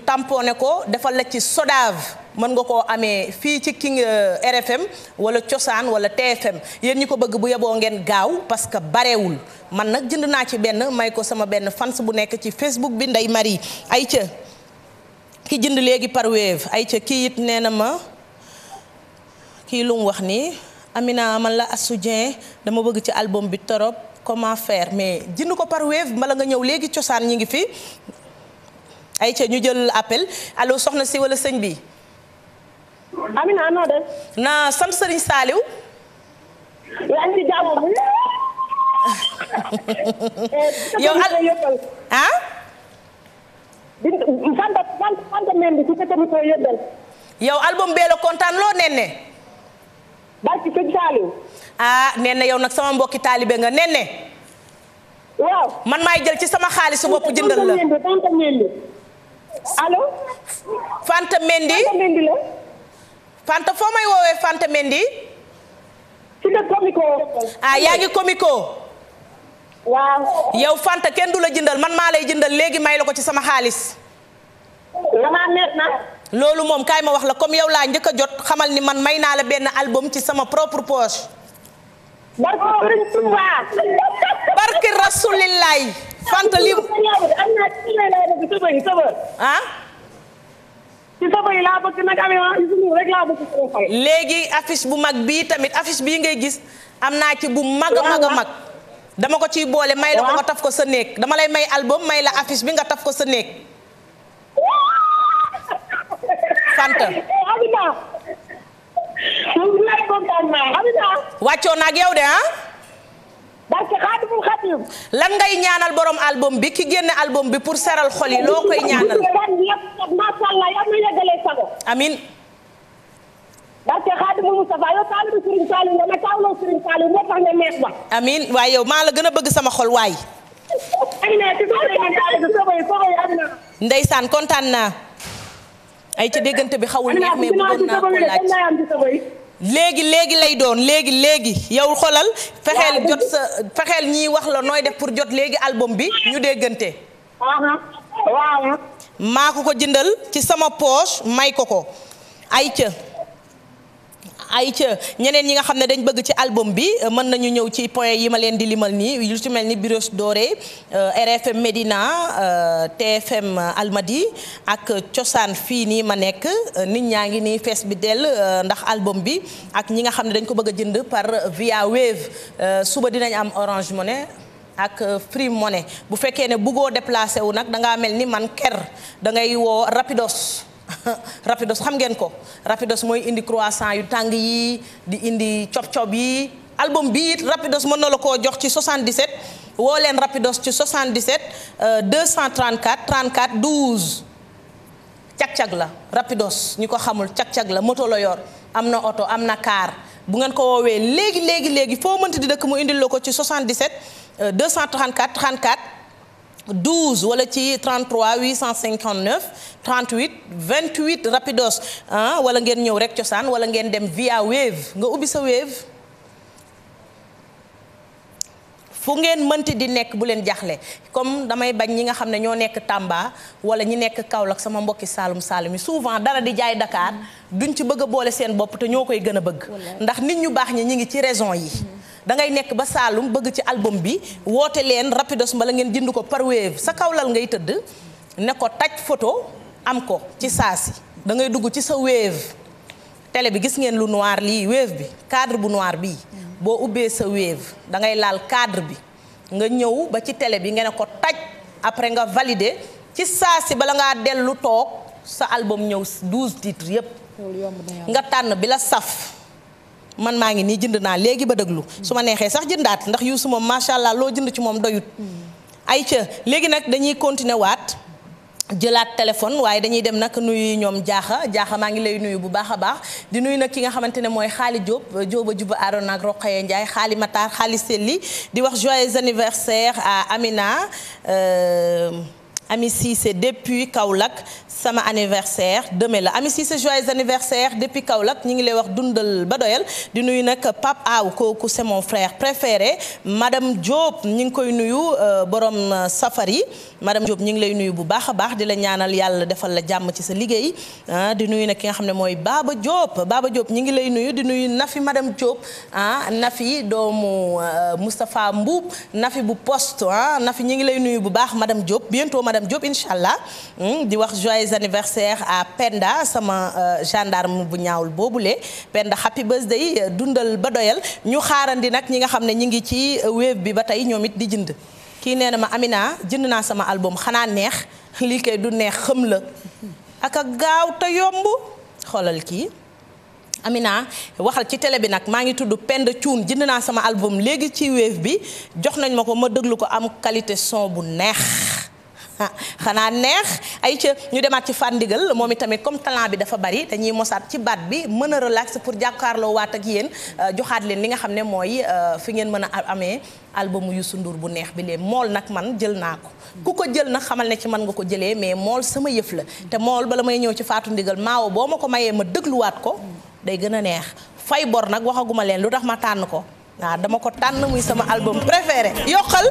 ne ko defal la ci sodave mën nga koo amee fii ci King eh, RFM wala Cosaan wala TFM yéen ñi ko bëgg bu yeboo ngeen gaaw parce que barewul man nag jënd naa ci benn may ko sama benn fans bu nekk ci Facebook bi Ndey Marie ayca ki jënd léegi par Wave ayca kii it nee na ma kii lu mu wax nii Amina man la Assou Dieng dama bëgg ci album bi torop comment faire mais jënd ko par Wave mbala nga ñëw léegi cosaan ñi ngi fi ayca ñu jël appel allo soxna si wala sëñ bi Amina noo def. na sant Serigne Saliou. yow album bee la kontaan loo nenne. barki sëñ Saliou. ah nenne yow nag sama mbokki taalibe nga nenne. waaw man maay jël ci sama xaalisu bopp jëndal la Fanta Mendi Fanta Mendi la. Fanta foo may woowee Fanta Mendy. ci la comico. Ah, yaa ngi comico. waaw. yow kenn du la jëndal man maa lay jëndal léegi may la ko ci sama xaalis. damaa na. loolu moom kaay ma wax la comme yow laa njëkk a jot xamal ni man may naa la benn album ci sama propre poche. barke Sëriñ Tuuba. barke Rasulillaay. ci sofa yi laa bëgg nag léegi affiche bu mag bii tamit affiche bii ngay gis am naa ci bu mag a mag a mag. dama ko ciy boole may la ko nga taf ko sa néeg dama lay may album may la affiche bi nga taf ko sa néeg. Fanta. wàccoo naa ak yow de ah. barke lan ngay ñaanal borom album bi ki génne album bi pour seral xol yi loo koy ñaanal. macha waaye yow maa la gën a bëgg sama xol waay. ndeysaan kontaan naa. ay ca déggante bi xawul neex mais bëggoon naa ko laaj léegi léegi lay doon léegi léegi yow xolal fexeel jot sa fexeel ñiy wax la nooy def pour jot léegi album bi ñu déggante uh-huh. waaw maa ko ko jëndal ci sama poos may ko ko ay ca ay ca ñeneen ñi nga xam ne dañ bëgg ci album bi euh, mën nañu ñëw ci point yi ma leen di limal nii yu ci mel ni Biros Doré euh, RFM Médina euh, TFM Almadi ak cosaan fii nii ma nekk nit ñaa ngi nii fees bi dell ndax album bi ak ñi nga xam ne dañ ko bëgg a jënd par via Wave suba dinañ am Orange Money ak Free Money bu fekkee ne bëggoo déplacé wu nag da mel ni man ker da ngay woo Rapidos rapidos xam ngeen ko rapidos mooy indi croissant yu tàng yi di indi cob-cob yi album bi it rapidos mën na la koo jox ci 77 woo leen rapidos ci 77 234 34 12 cag-cag la rapidos ñi ko xamul cag-cag la moto la yor am na oto am na kaar bu ngeen ko woowee léegi léegi léegi foo mënti di dëkk mu indil la ko ci 77 234 34 12 wala ci 33 859 vingt 28 rapidos ah wala ngeen ñëw rek cosaan wala ngeen dem via wave nga ubbi sa wave fu ngeen mënti di nekk bu leen jaxle comme damay bañ ñi nga xam ne ñoo nekk Tamba wala ñi nekk Kaolack sama mbokki Saalum Saalum yi souvent dara di jaay Dakar duñ ci bëgg boole seen bopp te ñoo koy gën a bëgg ndax nit ñu baax ñi ñi ngi ci raison yi mm-hmm. da ngay nekk ba Saalum bëgg ci album bi woote leen rapidos mbala ngeen jënd ko par wave sa lal ngay tëdd ne ko taj photo am ko ci saasi da ngay dugg ci sa wave télé bi gis ngeen lu noir lii wave bi cadre bu noir bii boo ubbee sa wave da ngay laal cadre bi nga ñëw ba ci tele bi nga ne ko taj après nga valider ci saa saasi bala ngaa dellu toog sa album ñëw 12 titres yépp nga tànn bi la saf man maa ngi nii jënd naa léegi ba déglu su ma neexee sax jëndaat ndax Youssou moom macha allah loo jënd ci moom doyut mm. ay ca léegi nag dañuy continuer waat jëlaat téléphone waaye dañuy dem nag nuyu ñoom jaaxa jaaxa maa ngi lay nuyu bu baax a baax di nuyu nag ki nga xamante ne mooy xaali Diop Diop a juba Aaron ak Roqaye Ndiaye xaali Matar xaali Selli di wax joyeux anniversaire à Amina euh, Ami Cissé depuis Kaolack sama anniversaire demain la ami si sa joyeux anniversaire depuis Kaolack ñu ngi lay wax dundal ba doyal di nuyu nag Pape Aw kooku c'est mon frère préféré madam Diop ñu ngi koy nuyu euh, borom euh, safari madam Diop ñu ngi lay nuyu bu baax a baax di la ñaanal yàlla defal la jàmm ci sa liggéey ah di nuyu nag ki nga xam ne mooy Baba Diop Baba Diop ñu ngi lay nuyu di nuyu Nafi madame Diop ah Nafi doomu euh, Moustapha Mbuub Nafi bu post ah Nafi ñu ngi lay nuyu bu baax madame Diop bientôt madame Diop incha allah hmm, di wax joyeux joyeux anniversaire à Penda sama euh, gendarme bu ñaawul boobule Penda happy birthday dundal ba doyal ñu xaarandi nag ñi nga xam ne ñi ngi ci wave bi ba tey ñoom it di jënd kii nee na ma Amina jënd naa sama album xanaa neex lii kay du neex xëm la aka gaaw te yomb xolal kii Amina waxal ci tele bi nag maa ngi tudd Penda Cuun jënd naa sama album léegi ci wave bi jox nañ ma ko ma déglu ko am qualité son bu neex xanaa neex ay ca ñu demaat ci fàndigal moom itamit comme talent bi dafa bari dañuy mosaat ci baat bi mën a relax pour jàkkaarloo waat ak yéen euh, joxaat leen li nga xam ne mooy euh, fi ngeen mën a amee albumu Youssou Ndour bu neex bi lee mool nag man jël naa ko ku ko jël nag xamal ne ci man nga ko jëlee mais mool sama yëf la te mool bala may ñëw ci faatu ndigal maawo boo ma ko mayee ma dëgluwaat ko day gën a neex fay bor nag waxaguma leen lu tax ma tànn ko waaw dama ko tànn muy sama album préféré yokkal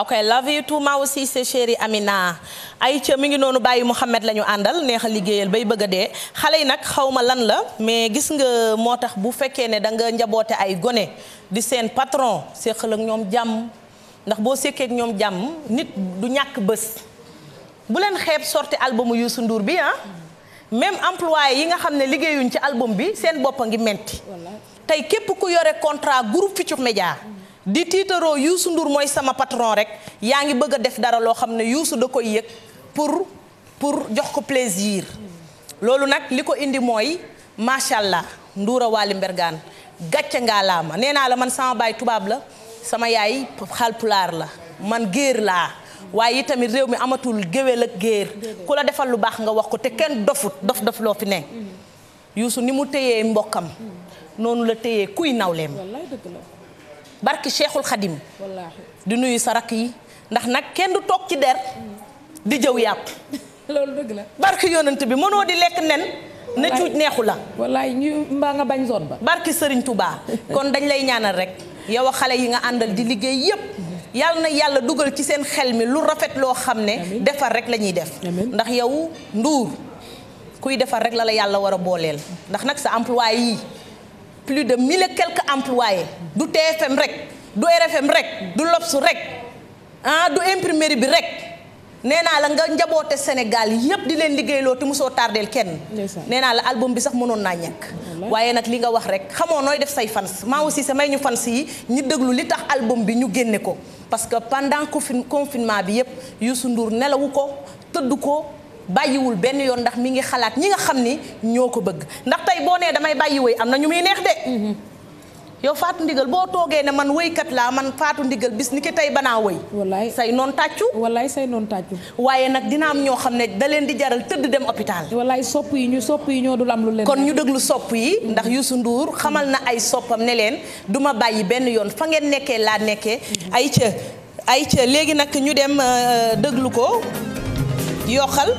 waaw kay love you too ma aussi c'est chéri Amina Aïcha mi ngi noonu bàyyi Mouhamed la ñu àndal neex a liggéeyal bay bëgg a dee xale yi nag xaw ma lan la mais gis nga moo tax bu fekkee ne da nga njaboote ay gone di seen patron séqal ak ñoom jàmm ndax boo sékkee ñoom jàmm nit du ñàkk bés bu leen xeeb sorti albumu Youssou Ndour bi ah même employé yi nga xam ne liggéeyuñ ci album bi seen bopp a ngi menti tey képp ku yore contrat groupe Futurs Médias di tiitaroo Youssou Ndour mooy sama patron rek yaa ngi bëgg a def dara loo xam ne Youssou da koy yëg pour pour jox ko plaisir loolu nag li ko indi mooy macha allah Ndour a Waly Mbergane gàcce ngaa laa ma nee naa la man sama bàyyi tubaab la sama yaay xalpulaar la man géer laa waaye itamit réew mi amatul géwél ak géer ku la defal lu baax nga wax ko te kenn dofut dof dof loo fi ne Youssou ni mu téyee mbokkam noonu la téyee kuy nawleem barki cheikhul xadim di nuyu sa rakk yi ndax nag kenn du toog ci der di jëw yàpp loolu dëgg la barki yonent bi mënoo di lekk nen na cuuj neexu la wallaay ñu mbaa bañ zone ba barki sëriñ Touba kon dañ lay ñaanal rek yow a xale yi nga àndal di liggéey yépp yàlla na yàlla dugal ci seen xel mi lu rafet loo xam ne defar rek la ñuy def ndax yow nduur kuy defar rek la la yàlla war a booleel ndax nag sa emploi yi plus de mille et quelques employés du TFM rek du RFM rek du L'Obs rek ah du imprimerie bi rek nee naa la nga njaboote Sénégal yépp di leen liggéeyloo te mosoo tardeel kenn nee naa la album bi sax mënoon naa ñàkk waaye nag li nga wax rek xamoo nooy def say fans ma aussi samay ñu fans yi ñu déglu li tax album bi ñu génne ko parce que pendant confinement bi yépp su Ndour nelawu ko tëdd ko bàyyiwul benn yoon ndax mi ngi xalaat ñi nga xam ni ñoo ko bëgg ndax tey boo nee damay bàyyi woy am na ñu muy neex de mhm. yow faatu ndigal boo toogee ne man woykat laa man faatu ndigal bis ni ki tey banaa woy wallaay say noon tàccu wallaay say noon tàccu waaye nag dina am ñoo xam ne da leen di jaral tëdd dem hôpital wallaay sopp yi ñu sopp yi ñoo dul am lu leen kon ñu déglu sopp yi ndax mhm. Youssou Ndour xamal na ay soppam ne leen duma bàyyi benn yoon fa ngeen nekkee laa nekkee mhm. ay ca léegi nag ñu dem euh, déglu ko yokkal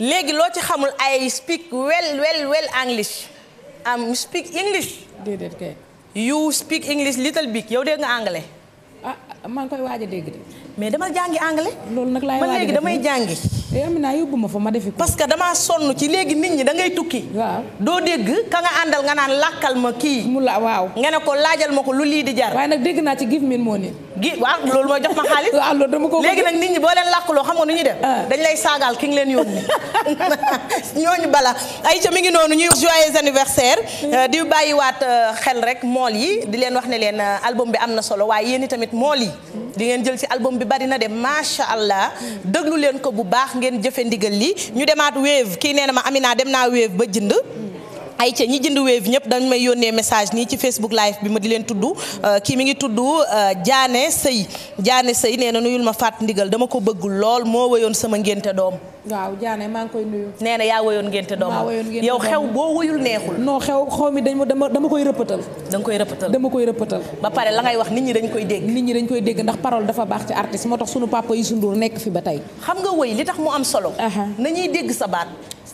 léegi loo ci xamul ay speak well well well English am um, speak English. yow kay. you speak English little bit yow dégg nga anglais. ah maa ngi koy waaj a dégg mais dama jàngi anglais. loolu nag laay waaj a léegi damay jàngi. eh Amina yóbbu ma fa ma defi ko. parce que damaa sonn ci léegi nit ñi da ngay tukki. waaw doo dégg ka nga àndal nga naan làkkal ma kii. mu la waaw. nga ne ko laajal ma ko lu lii di jar. waaye nag dégg naa ci give me money. gi waaw loolu mooy jox ma xaalis. waaw loolu dama ko léegi nag nit ñi boo leen làkkuloo xam nga nu ñuy def. Ah. dañ lay saagaal ki ngi leen yónni ñooñu bala ay ca mi ngi noonu ñuy joyeux anniversaire. Euh, di bàyyiwaat euh, xel rek mool yi di leen wax ne leen euh, album bi am na solo waaye yéen i tamit mool yi. di ngeen jël ci album bi bari na dem macha allah déglu leen ko bu baax ngeen jëfe ndigal li ñu demaat wave kii nee na ma Amina dem naa wave ba jënd. ay ca ñi jënd Wave ñëpp dañ may yónnee message nii ci Facebook live bi ma di leen tudd euh, kii mi ngi tudd jaane Sëy jaane Sëy nee na nuyul ma fàtt ndigal dama ko bëgg lool moo woyoon sama ngénte doom waaw Diané maa ngi koy nuyu. nee na yaa woyoon ngénte doom yow xew boo woyul neexul. non xew xaw mi dañ dama dama koy rëppatal. da koy rëppatal dama koy rëppatal. ba pare la ngay wax nit ñi dañ koy dégg. nit ñi dañ koy dégg ndax parole dafa baax ci artiste moo tax sunu papa Youssou Ndour nekk fi ba tey. xam nga woy li tax mu am solo. nañuy dégg sa baat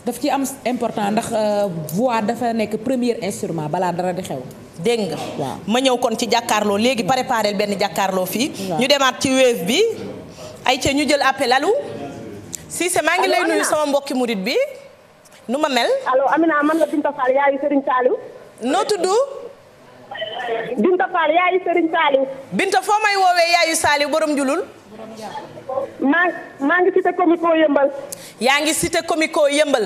daf ci am important ndax euh, voix dafa nekk premier instrument balaa dara di xew. dégg nga waaw ma ñëw kon ci jàkkaarloo léegi préparé benn jàkkaarloo fii. ñu demaat ci wéef bi. ay ca ñu jël appel si Cissé maa ngi lay nuyu sama mbokki murit bi. nu ma mel. allo Amina man la Binta Fall yaayu Serigne Saliou. noo tudd. Binta Fall yaayu Serigne Saliou. Binta foo may woowee yaayu Saliou borom julul. maa maa ngi cité comico yëmbal. yaa ngi cité comico yëmbal.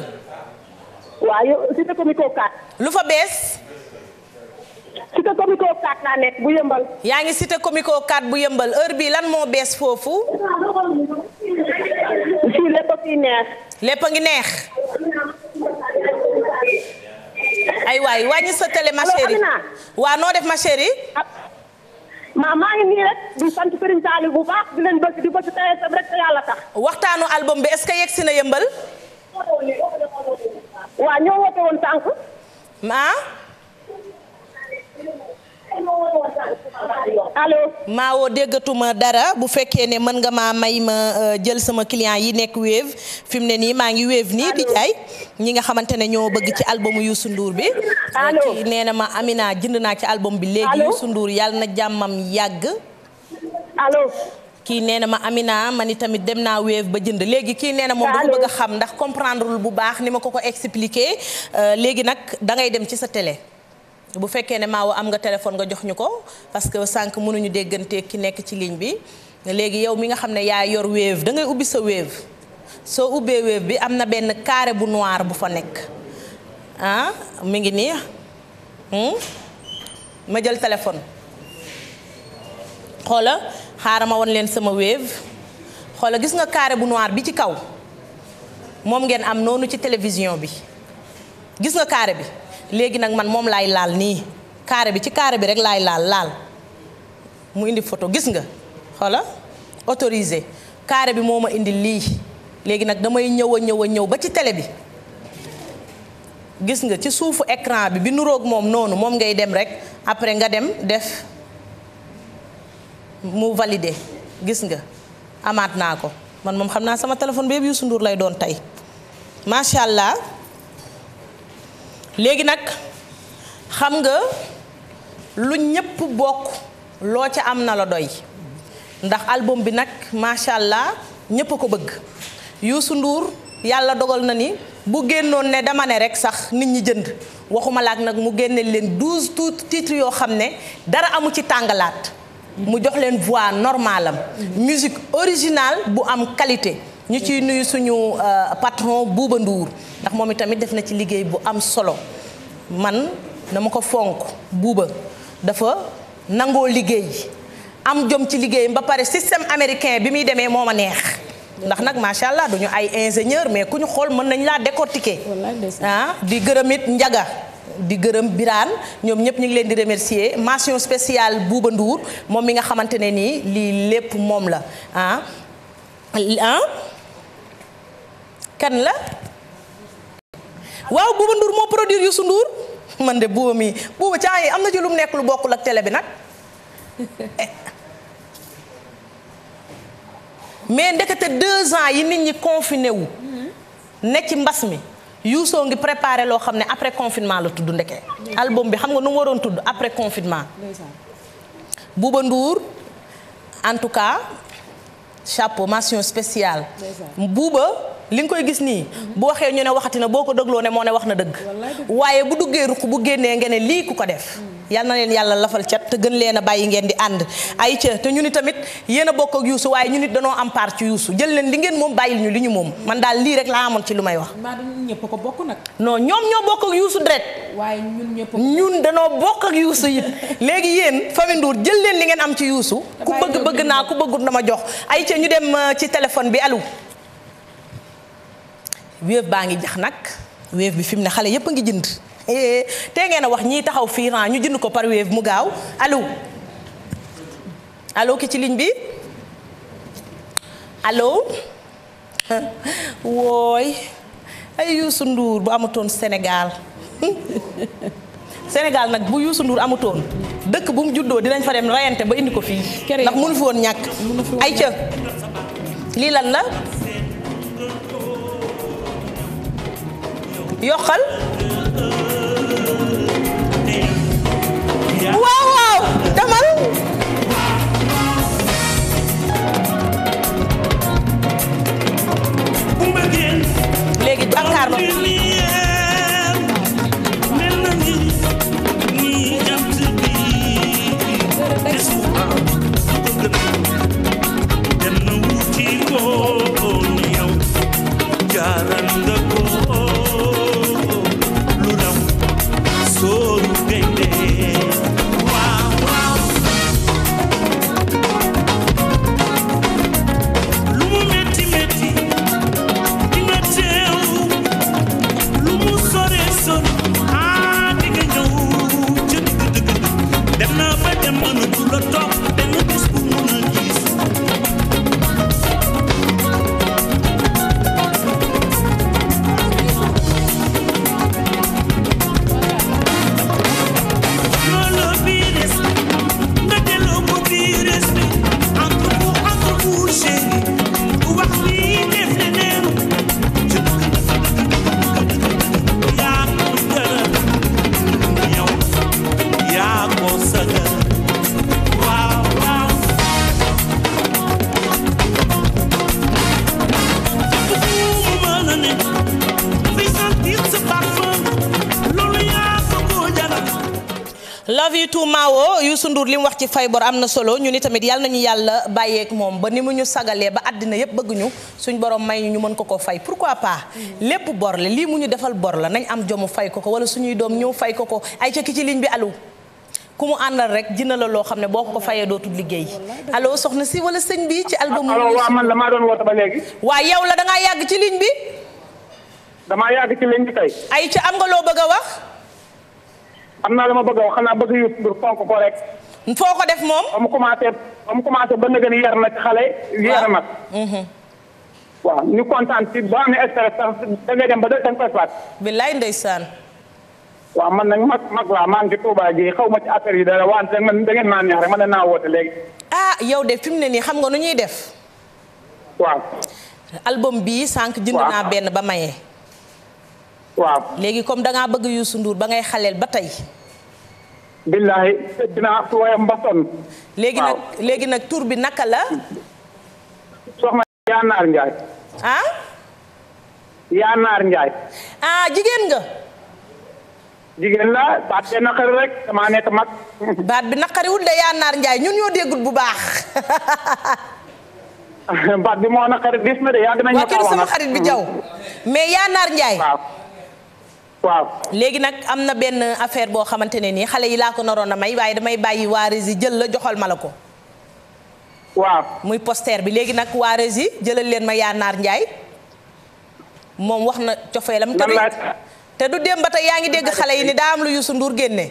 waaw yow cité comico 4. lu fa bees. cité comico 4 laa nekk bu yëmbal. yaa ngi cité comico 4 bu yëmbal heure bii lan moo bees foofu. fii lépp a ngi neex. lépp a ngi neex. ay waay wàññi sa télé ma waa noo def ma chérie. Ah, maa maa ngi nii rek di sant Serigne Saliou bu baax di leen bëgg di bëgg tey tam rek te yàlla tax. waxtaanu album bi est-ce que yegg na yëmbal. waaw ñoo woote woon sànq. ah. allo. déggatuma dara bu fekkee ne mën nga maa may ma euh, jël sama client yi nekk Wave fi mu ne nii maa ngi Wave nii di jaay ñi nga xamante ne ñoo bëgg ci albumu Youssou Ndour bi. allo ci nee na ma Amina jënd naa ci album bi. léegi Youssou Ndour na jàmmam yàgg. allo. kii nee na ma Amina man itamit dem naa Wave ba jënd léegi kii nee na moom dafa bëgg xam ndax comprendrewul bu baax ni ma ko ko expliqué euh, léegi nag dangay dem ci sa tele bu fekkee ne maawo am nga téléphone nga jox ñu ko parce que sànq mënuñu déggante ki nekk ci ligne bi léegi yow mi nga xam ne yaa yor Wave da ngay ubbi sa Wave soo ubbee Wave bi am na benn carré bu noir bu fa nekk ah mi ngi nii hmm? ma jël téléphone xoola xaaral ma won leen sama Wave xoola gis nga carré bu noir bi ci kaw moom ngeen am noonu ci télévision bi gis nga carré bi léegi nag man moom laay laal nii carré bi ci carré bi rek laay laal laal mu indi photo gis nga xoola autorisé carré bi moo ma indi lii léegi nag damay ñëw a ñëw a ñëw ba ci tele bi gis nga ci suufu écran bi bi nuroog moom noonu moom ngay dem rek après nga dem def mu validé gis nga amaat naa ko man moom xam naa sama téléphone bi yëpp Youssou Ndour lay doon tey macha allah. léegi nag xam nga lu ñëpp bokk loo ca am na la doy ndax album bi nag macha allah ñëpp a ko bëgg Youssou nduur yàlla dogal na ni bu génnoon ne dama ne rek sax nit ñi jënd waxuma laak nag mu génne leen douze titres yoo xam ne dara amu ci tàngalaat mu jox leen voix normalam musique originale bu am qualité ñu ciy nuyu suñu euh, patron Bouba Ndour ndax moom itamit def na ci liggéey bu am solo man dama ko fonk buuba dafa nangoo liggéey am jom ci liggéeyam ba pare système américain bi muy demee moom ma neex ndax nag macha allah duñu ay ingénieur mais ku ñu xool mën nañ laa décortiquer ah di gërëm it njaga di gërëm Birane ñoom ñëpp ñu ngi leen di remercier mention spécial Bouba Ndour moom mi nga xamante ne nii lii lépp moom la ah ah kan la waaw Bouba Ndour moo produire Youssou Ndour man de Bouba mi Bouba caa yi am na ci lu mu nekk lu bokkul ak télé bi nag eh. mais ndekete deux ans yi nit ñi confiné wu ne ci mbas mi Youssou ngi préparé loo xam ne après confinement la tudd ndeke album bi xam nga nu mu waroon tudd après confinement Bouba nduur en tout cas chapeau mention spéciale Bouba li nga koy gis nii bu waxee ñu ne waxati na boo ko dégloo moo ne wax na dëgg waaye bu duggee ruq bu génnee ngeen ne lii ku ko def hmm. na leen yàlla lafal cat te gën leen a bàyyi ngeen di ànd ay ca te ñu ni tamit yéen a bokk yuusu waaye ñu nit danoo am part yuusu jël leen li ngeen moom bàyyil ñu li ñu moom man daal lii rek laa amoon ci lu may wax ñëpp ko bokk nag non ñoom ñoo bokk ak yuusu dret waaye ñun ñëpp ñun danoo bokk ak yuusu it léegi yéen famille jël leen li ngeen am ci yuusu ku bëgg bëgg naa ku bëggut na ma jox ay ca ñu dem euh, ci téléphone bi alu Wave baa ngi jax nag Wave bi fi mu ne xale yëpp a ngi jënd eh, tey ngeen a wax ñi taxaw fii ran ñu jënd ko par Wave mu gaaw allo allo ki ci ligne bi allo wooy ay Youssou Ndour bu amutoon Sénégal Sénégal nag bu Youssou nduur amutoon dëkk bu mu juddoo dinañ fa dem rayante ba indi ko fii ndax mënu fi woon ñàkk ay ca lii lan la yokkal waaw waaw demal léegi bàkkaar ba Ndour li mu wax ci fay bor am na solo ñu ni tamit yàlla nañu yàlla bàyyeek moom ba ni mu ñu sagalee ba àddina yépp bëgg ñu suñ borom may ñu mën ko ko fay pourquoi pa mm. lépp bor la lii mu ñu defal bor la nañ am jomu fay ko ko wala suñuy doom ñëw fay ko ko ay ca ci ligne bi alu ku mu àndal rek dina la loo xam ne boo ko fayee dootul liggéey allo soxna si wala sëñ bi ci album allo waa man damaa doon woote ba léegi waa yow la dangaa yàgg ci ligne bi damaa yàgg ci ligne bi am nga loo bëgg a wax am naa la ma bëgg a wax xanaa bëgg yu pour fonk ko rek foo ko def moom. ba mu commencé ba mu commencé ba nga ni yar na xale. yar mag. Mhm. waaw ñu kontaan ci boo amee stress sax dem ba da nga koy faat. billaay ndeysaan. waaw man nag mag mag laa maa ngi ci Touba xaw ma ci affaire yi dara da ngeen maa neex rek man danaa ah, yow de fi mu ne nii xam nga nu ñuy def. waaw. album bii sànq. jënd naa benn ba maye. waaw léegi comme da bëgg Youssou Ndour ba ngay xaleel ba tey. billahi dinaa woyam ba sonn. léegi nag léegi nag tur bi naka la. soxna Yaanaar Ndiaye. ah. Yaanaar Ndiaye. ah jigéen nga. jigéen la baat bi naqari rek damaa nekk mag. baat bi naqariwul de Yaanaar Ndiaye bu baax. baat bi moo naqari dis na de yàgg nañu ko wax sama xarit bi mm. jaw mais Yaanaar Ndiaye. waaw. waaw léegi nag am na benn affaire boo xamante ne nii xale yi laa ko naroon a may waaye damay bàyyi waa Rési jël la joxal ma la ko. waaw muy poster bi léegi nag waa Rési jëlal leen ma yaa naar Ndiaye moom wax na cofeelam te te du dem ba tey yaa ngi dégg xale yi ni daa am lu Youssou Ndour génne.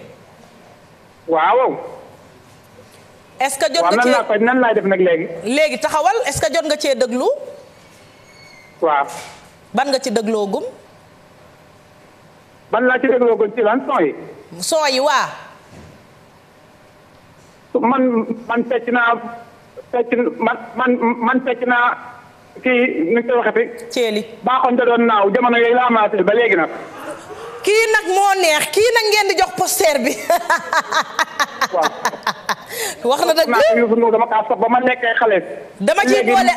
waaw. est-ce que jot nga cee nan laay def nag léegi. léegi taxawal est-ce que jot nga cee déglu. waaw. ban nga ci dégloo ban laa ci dégloo gën ci lan son yi. son yi waa. man man fecc naa fecc man man man fecc naa kii nu ñu koy waxati. ceeli baaxoon da doon naaw jamono yooyu laa amaatee ba léegi nag. kii nag moo neex kii nag ngeen di jox poster bi. wax na dëgg yow dama kaa sopp ba ma nekkee xale. dama ciy boole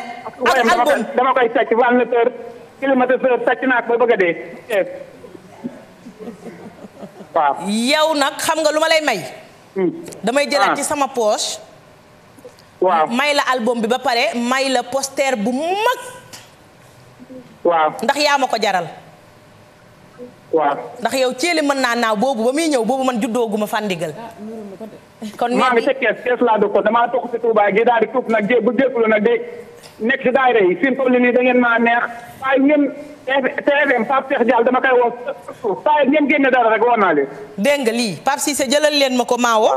ak album dama koy sàcc ventilateur climatiseur sàcc naa ko ba bëgg a dee. waaw yow nag xam nga lu ma lay may. Hmm. damay jëlaat ah. ci sama poos waaw may la album bi ba pare may la poster bu mag. waaw ndax yaa ma ko jaral. waaw ndax yow ceeli mën naa naaw boobu ba muy ñëw boobu man juddoo gu ma fàndigal kon maa ngi ca kees kees laa dëkkoon damaa toog si Touba gi daal di tuub nag jé de nekk si daayira yi fi mu toll da ngeen maa neex waaye ngeen dama koy woo saa ngeen génne dara rek woo naa leen. dégg nga lii Pape Cissé jëlal leen ma ko Maawo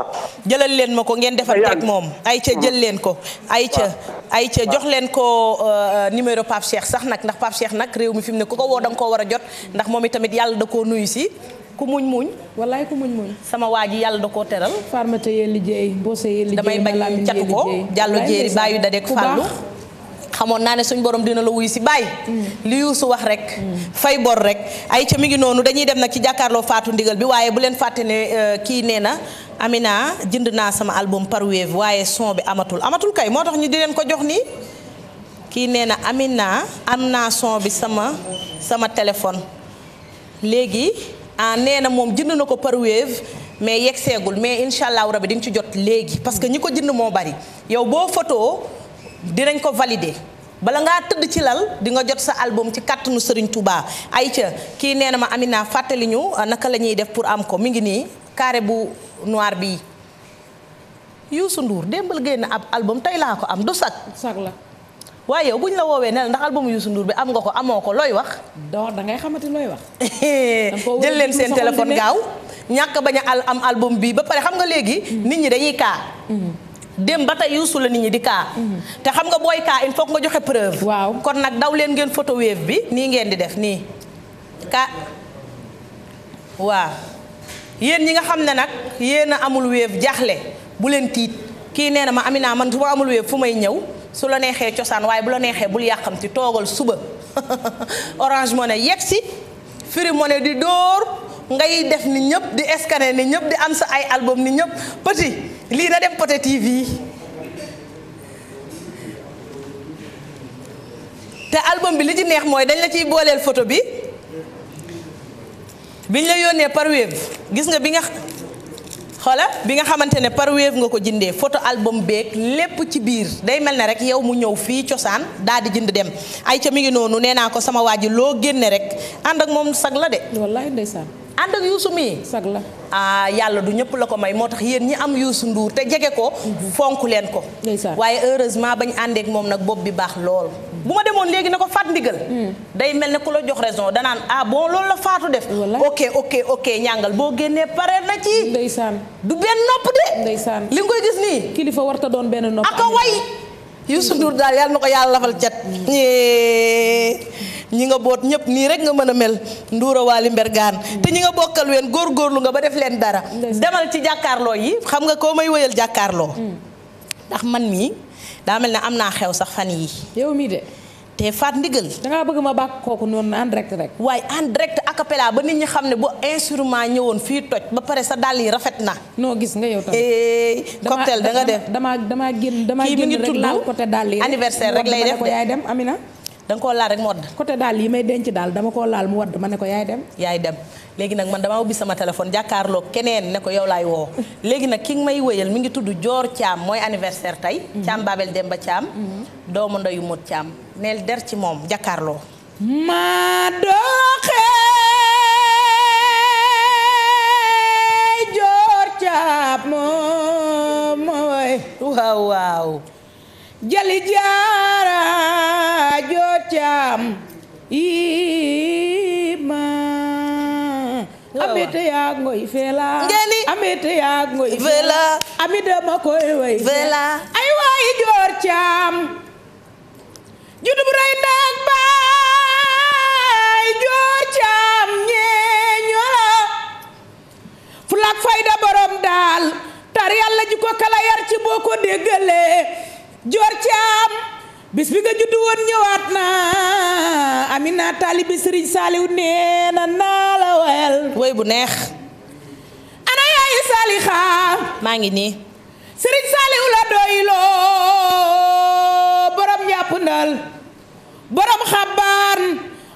jëlal leen ma ko ngeen defal teg moom ayca jël leen ko ay ca ay ayca jox leen ko euh, numéro Pape Cheikh sax nag ndax Pape Cheikh nag réew mi fi mu ne ku ko woo danga ko war a jot ndax moom itamit yàlla da koo nuyu si ku muñ muñ. wallaay muñ sama waa ji yàlla da koo teral. farmata yee liggéey mboose yee liggéey damay bañ catu ko jàllu jéeri yu da dek fàllu xamoon naa ne suñ borom dina la wuyu si bàyyi. Mm. li yuusu wax rek. fay bor rek ay ca mi ngi noonu dañuy dem nag ci jàkkaarloo faatu ndigal bi waaye bu leen fàtte ne euh, kii nee na Amina jënd naa sama album par Wave waaye son bi amatul amatul kay moo tax ñu di leen ko jox nii. kii nee na Amina am naa bi sama sama téléphone léegi. ah nee na moom jënd na ko par Wave mais yegg seegul mais incha allahu rabi di nga ci jot léegi parce que ñi ko jënd moo bari yow boo photo dinañ ko valider. bala ngaa tëdd ci lal di nga jot sa album ci kàttanu Serigne ay ayca kii nee na ma Amina fàttali ñu ah, naka la ñuy def pour am ko mi ngi nii carré bu noir bi Youssou Ndour démbal génn ab album tey laa ko am du sag sag la waaye yow bu ñu la woowee ne la ndax album Youssou Ndour bi am nga ko amoo ko looy wax. donc da ngay xamati looy wax. jël leen seen téléphone gaaw ñàkk ba a al am album bii ba pare xam nga léegi. Mm-hmm. nit ñi dañuy kaa. dem mm-hmm. ba tey Youssou la nit ñi di kaa. Mm-hmm. te xam nga booy kaa il faut nga joxe preuve. waaw kon nag daw leen ngeen photo wave bi nii ngeen di def nii. kaa waaw yéen ñi nga xam ne nag yéen a amul wave jaxle bu leen tiit kii nee na ma Amina man su ma amul wave fu may ñëw. su la neexee cosaan waaye bu la neexee bul yàqamti toogal suba orange mone yegg si free money di dóor ngay def ni ñëpp di scanner ni ñëpp di am sa ay album ni ñëpp petit lii na dem Poté TV te album bi li ci neex mooy dañ la ciy booleel photo bi biñ la yónnee par web gis nga bi nga. xoola bi nga xamante ne par Wave nga ko jëndee photo album beeg lépp ci biir day mel ne rek yow mu ñëw fii cosaan daal di jënd dem ay ca mi ngi noonu nee naa ko sama waa ji loo génne rek ànd ak moom sag la de. wallaay ndeysaan. ànd ak yuusu mii ah yàlla du ñëpp la ko may moo tax yéen ñi am yuusu nduur te jege ko mhm. fonk leen ko waaye heureusement bañ àndeek moom nag bopp bi baax lool bu ma demoon léegi na ko faat ndigal mm. day mel ne ku la jox raison danaan ah boo loolu la faatu def ok ok ok ñàngal boo génnee pare na ci ndeysaan du benn nopp de li nga koy gis nii kilifa war warta doon benn nopp aka way yuusu nduur daal yàlla na ko yàlla lafal cat mm. ñi nga boot ñëpp nii rek nga mën a mel nduura waali mbergaan te ñi nga bokkal ween góorgóorlu nga ba def leen dara demal ci jàkkaarloo yi xam nga koo may woyal jàkkaarloo mm. ndax man mii daa mel ne am naa xew sax fan yi yow mii de te faat ndigal dangaa bëgg ma bàkk kooku noonu en direct rek waaye en direct a cappella ba nit ñi xam ne bu instrument ñëwoon fii toj ba pare sa dàll yi rafet na noo gis nga yow tamit eh, cocktail da nga def damaa damaa génn damaa génn rek laal côté dàll yi anniversaire rek lay def de yaay dem Amina da nga koo laal rek mu wadd côté daal yi may denc daal dama koo laal mu wadd ma ne ko yaay dem yaay dem léegi nag man damaa ubbi sama téléphone jàkkaarloo keneen ne ko yow laay woo léegi nag ki nga may wëyal mu ngi tudd Joor Thiam mooy anniversaire tey mhm. Thiam Babel Demba Thiam mhm. doomu ndeyu Mot Thiam neel der ci moom jàkkaarloo ma doxee waaw waaw jali jaar amite yaa ngoy fela ngeni amite yaa ngoy fela ami dama koy way fela ay waayi joor caam juddu bu rey ndeeg baay joor caam ñeeñoo la fulak fayda borom daal tar yàlla ji ko kala yar ci boo ko déggalee joor caam bis bi nga juddu woon ñëwaat na taalib taalibi Sëriñ Saaliw nee na naa la wayal woy bu neex ana yaayu saalixa maa ngi nii Sëriñ Saaliw la doyloo borom ñàpp ndal borom xabaar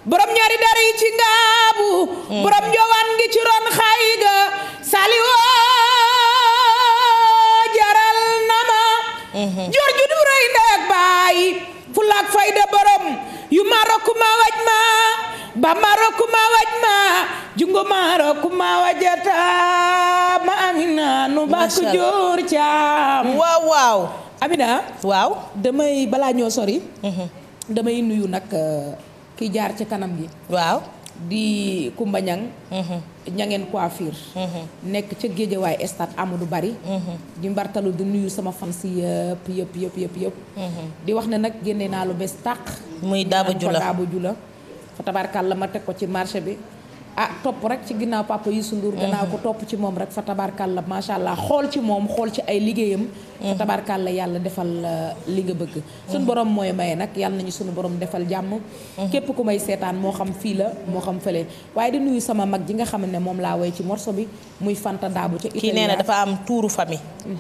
borom ñaari dara yi ci ngaabu mm. borom njowaan ngi ci ron xay ga de borom yu marokuma waj ma ba marokuma waj ma jungo marokuma wajata ma amina nu bakku joor caam waaw waaw amina waaw damay balaa ñoo sori mhm. damay nuyu nag eh, ki jaar ci kanam gi waaw di Kumba Ñang ñangeen mhm. coiffure mhm. nekk ca Géejawaay stade Amadou Bari mhm. di mbartalu di nuyu sama fans yëpp yëpp yëpp yëpp yëpp di wax ne nag génne naa lu bees tàq muy daaba jula daaba jula fa tabarkal la ma teg ko ci marché bi ah topp rek ci ginnaaw papa Youssou Ndour gannaaw mhm. ko topp ci moom rek fa la macha allah xool ci moom xool ci ay liggéeyam fa mhm. la yàlla defal euh, li nga bëgg suñu mhm. borom mooy maye nag yàlla ñu suñu borom defal jàmm képp ku may seetaan moo xam fii la moo xam fële waaye di nuyu sama mag ji nga xam ne moom laa woy ci morso bi muy Fanta Daabu ca Italie dafa am tuuru famille mm.